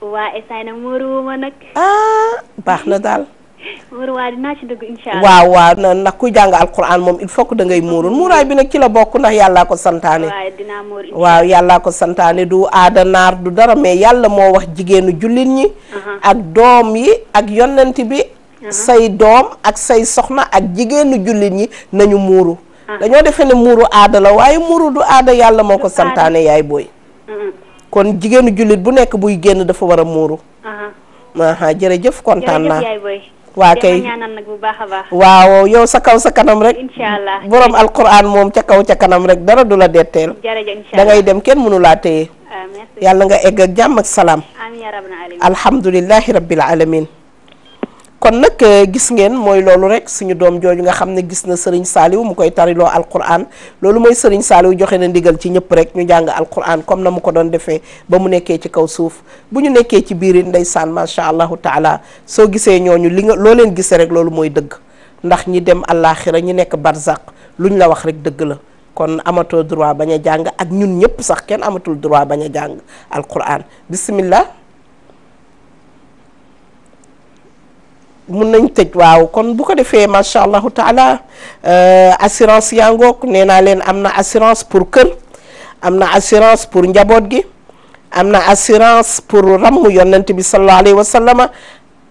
waa instant ah, baax na daal. muuru waa dinaa na nag ku jàng alquran moom il faut que da ngay muuru muuraay bi nag ci la bokk ndax yàlla ko santaane. waaw dinaa ko santaane du aada naar du dara mais yàlla moo wax jigéenu jullit ñi. Uh-huh. ak doom yi ak yonent bi. say doom ak say soxna ak jigéenu jullit yi nañu muuru dañoo defee ne muuru aada la waaye muuru du aada yàlla moo ko santaane yaay booy kon jigéenu jullit bu nekk buy génn dafa war a muuru uh-huh. aha jërëjëf kontaan naa waa kay waaw yow sa kaw sa kanam rek inshallah borom alquran moom ca kaw ca kanam rek dara du la detteel dangay dem kenn mënu laa ah, yàlla nga egg ak jàmm ak salaam alhamdulillahi rabbil alamin kon nag euh, gis ngeen mooy loolu rek suñu doom jooju nga xam ne gis na Serigne Saliou mu koy tariloo alquran loolu mooy Serigne Saliou joxe na ndigal ci ñëpp rek ñu jàng alquran comme na mu ko doon defee ba mu nekkee ci kaw suuf bu ñu nekkee ci biir ndeysaan macha allahu taala soo gisee ñooñu li nga loo leen gisee rek loolu mooy dëgg ndax ñi dem àllaaxira ñi nekk barzaq luñ la wax rek dëgg la kon amatoo droit bañ a jàng ak ñun ñëpp sax kenn amatul droit bañ a jàng alquran bismillah. mun nañ tëj waaw kon bu ko defee macha allahu taala euh, assurance yaa ngoog nee naa leen am na assurance pour kër am na assurance pour njaboot gi am na assurance pour ramm yonent bi sallallahu alayhi wa sallama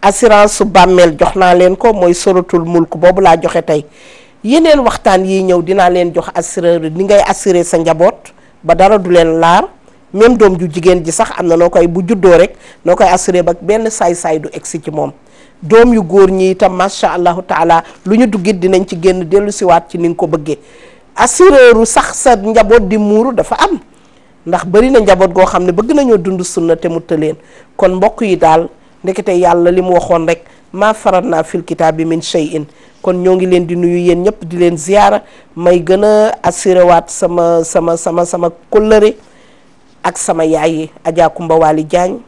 assurance su bàmmeel jox naa leen ko mooy soratul mulk boobu laa joxe tey yeneen waxtaan yi ñëw dinaa leen jox assureur ni ngay assurer sa njaboot ba dara du leen laar même doom ju jigéen ji sax am na noo koy bu juddoo rek noo koy assurer ba benn saay-saay du egsi ci moom doom yu góor ñi itam macha allahu taala lu ñu duggit dinañ ci génn dellu siwaat ci ni nga ko bëggee assureeru sax sa njaboot di muuru dafa am ndax bari na njaboot goo xam ne bëgg nañoo dund sunna te mu tëleen kon mbokk yi daal te yàlla li mu waxoon rek maa farat naa fil kitaabi min shay'in kon ñoo ngi leen di nuyu yéen ñëpp di leen ziyaara may gën a assuré waat sama sama sama sama kóllëre ak sama yaay yi Adja Kumba Waly Diagne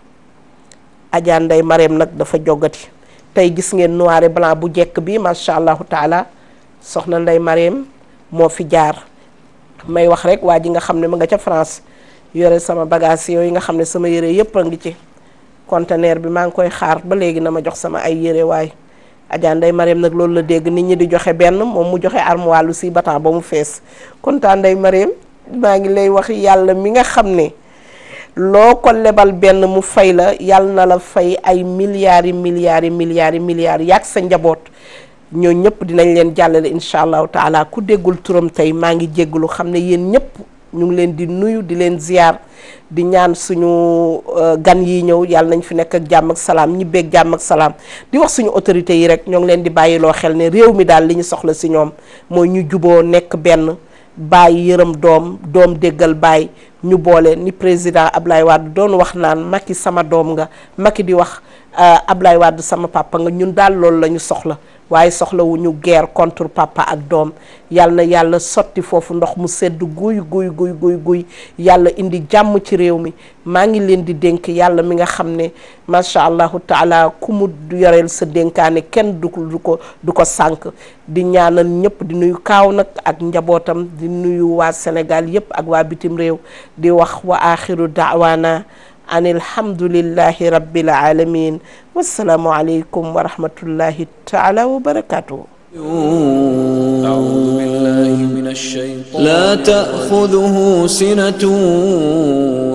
Adja nag dafa jogati tey gis ngeen noir et bu jekk bi macha allahu taala soxna Ndeye Marème moo fi jaar may wax rek waa ji nga xam ne mu nga ca France yore sama bagage yooyu nga xam ne sama yére yëpp a ngi ci conteneur bi maa ngi koy xaar ba léegi na ma jox sama ay yére waay Adja Ndeye Marème nag loolu la dégg nit ñi di joxe benn moom mu joxe armoire lu si bataan ba mu fees kontaan Ndeye Marème maa ngi lay wax yàlla mi nga xam ne. loo ko lebal benn mu fay la yàlla na la fay ay milliards yi milliards yi milliards yi milliards yàgg sa njaboot ñoo ñëpp dinañ leen jàllale incha allah taala ku déggul turam tey maa ngi jéggalu xam ne yéen ñëpp ñu ngi leen di nuyu di leen ziar di ñaan suñu euh, gan yi ñëw yàlla nañ fi nekk ak jàmm ak salaam ñibbeeg jàmm ak salaam di wax suñu autorité yi rek ñoo ngi leen di bàyyiloo xel ne réew mi daal li ñu soxla si ñoom mooy ñu juboo nekk benn bàyyi yërëm doom doom déggal bàyyi ñu boole ni président ab Ablaye waat doon wax naan Macky sama doom nga Macky di wax Euh, Ablaye Wade sama papa nga ñun daal loolu la ñu soxla waaye soxlawuñu geer contre papa ak doom yàlla na yàlla sotti foofu ndox mu sedd guy guy guy guy guy yàlla indi jàmm ci réew mi maa ngi leen di dénk yàlla mi nga xam ne macha allahu taala ku mu yoreel sa dénkaane kenn du ko du ko sànk di ñaanal ñëpp di nuyu kaaw nag ak njabootam di nuyu waa Sénégal yëpp ak waa bitim réew di wax wa axiru daawaana an alhamdulillahi rabbil alamin wassalaamu aleykum wa rahmatullahi taala wa barakatuhu أعوذ بالله من الشيطان لا تأخذه سنة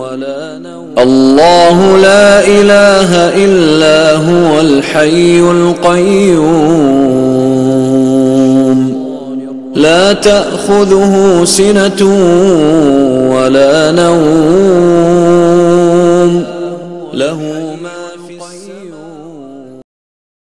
ولا نوم الله لا إله إلا هو الحي القيوم لا تأخذه سنة ولا نوم له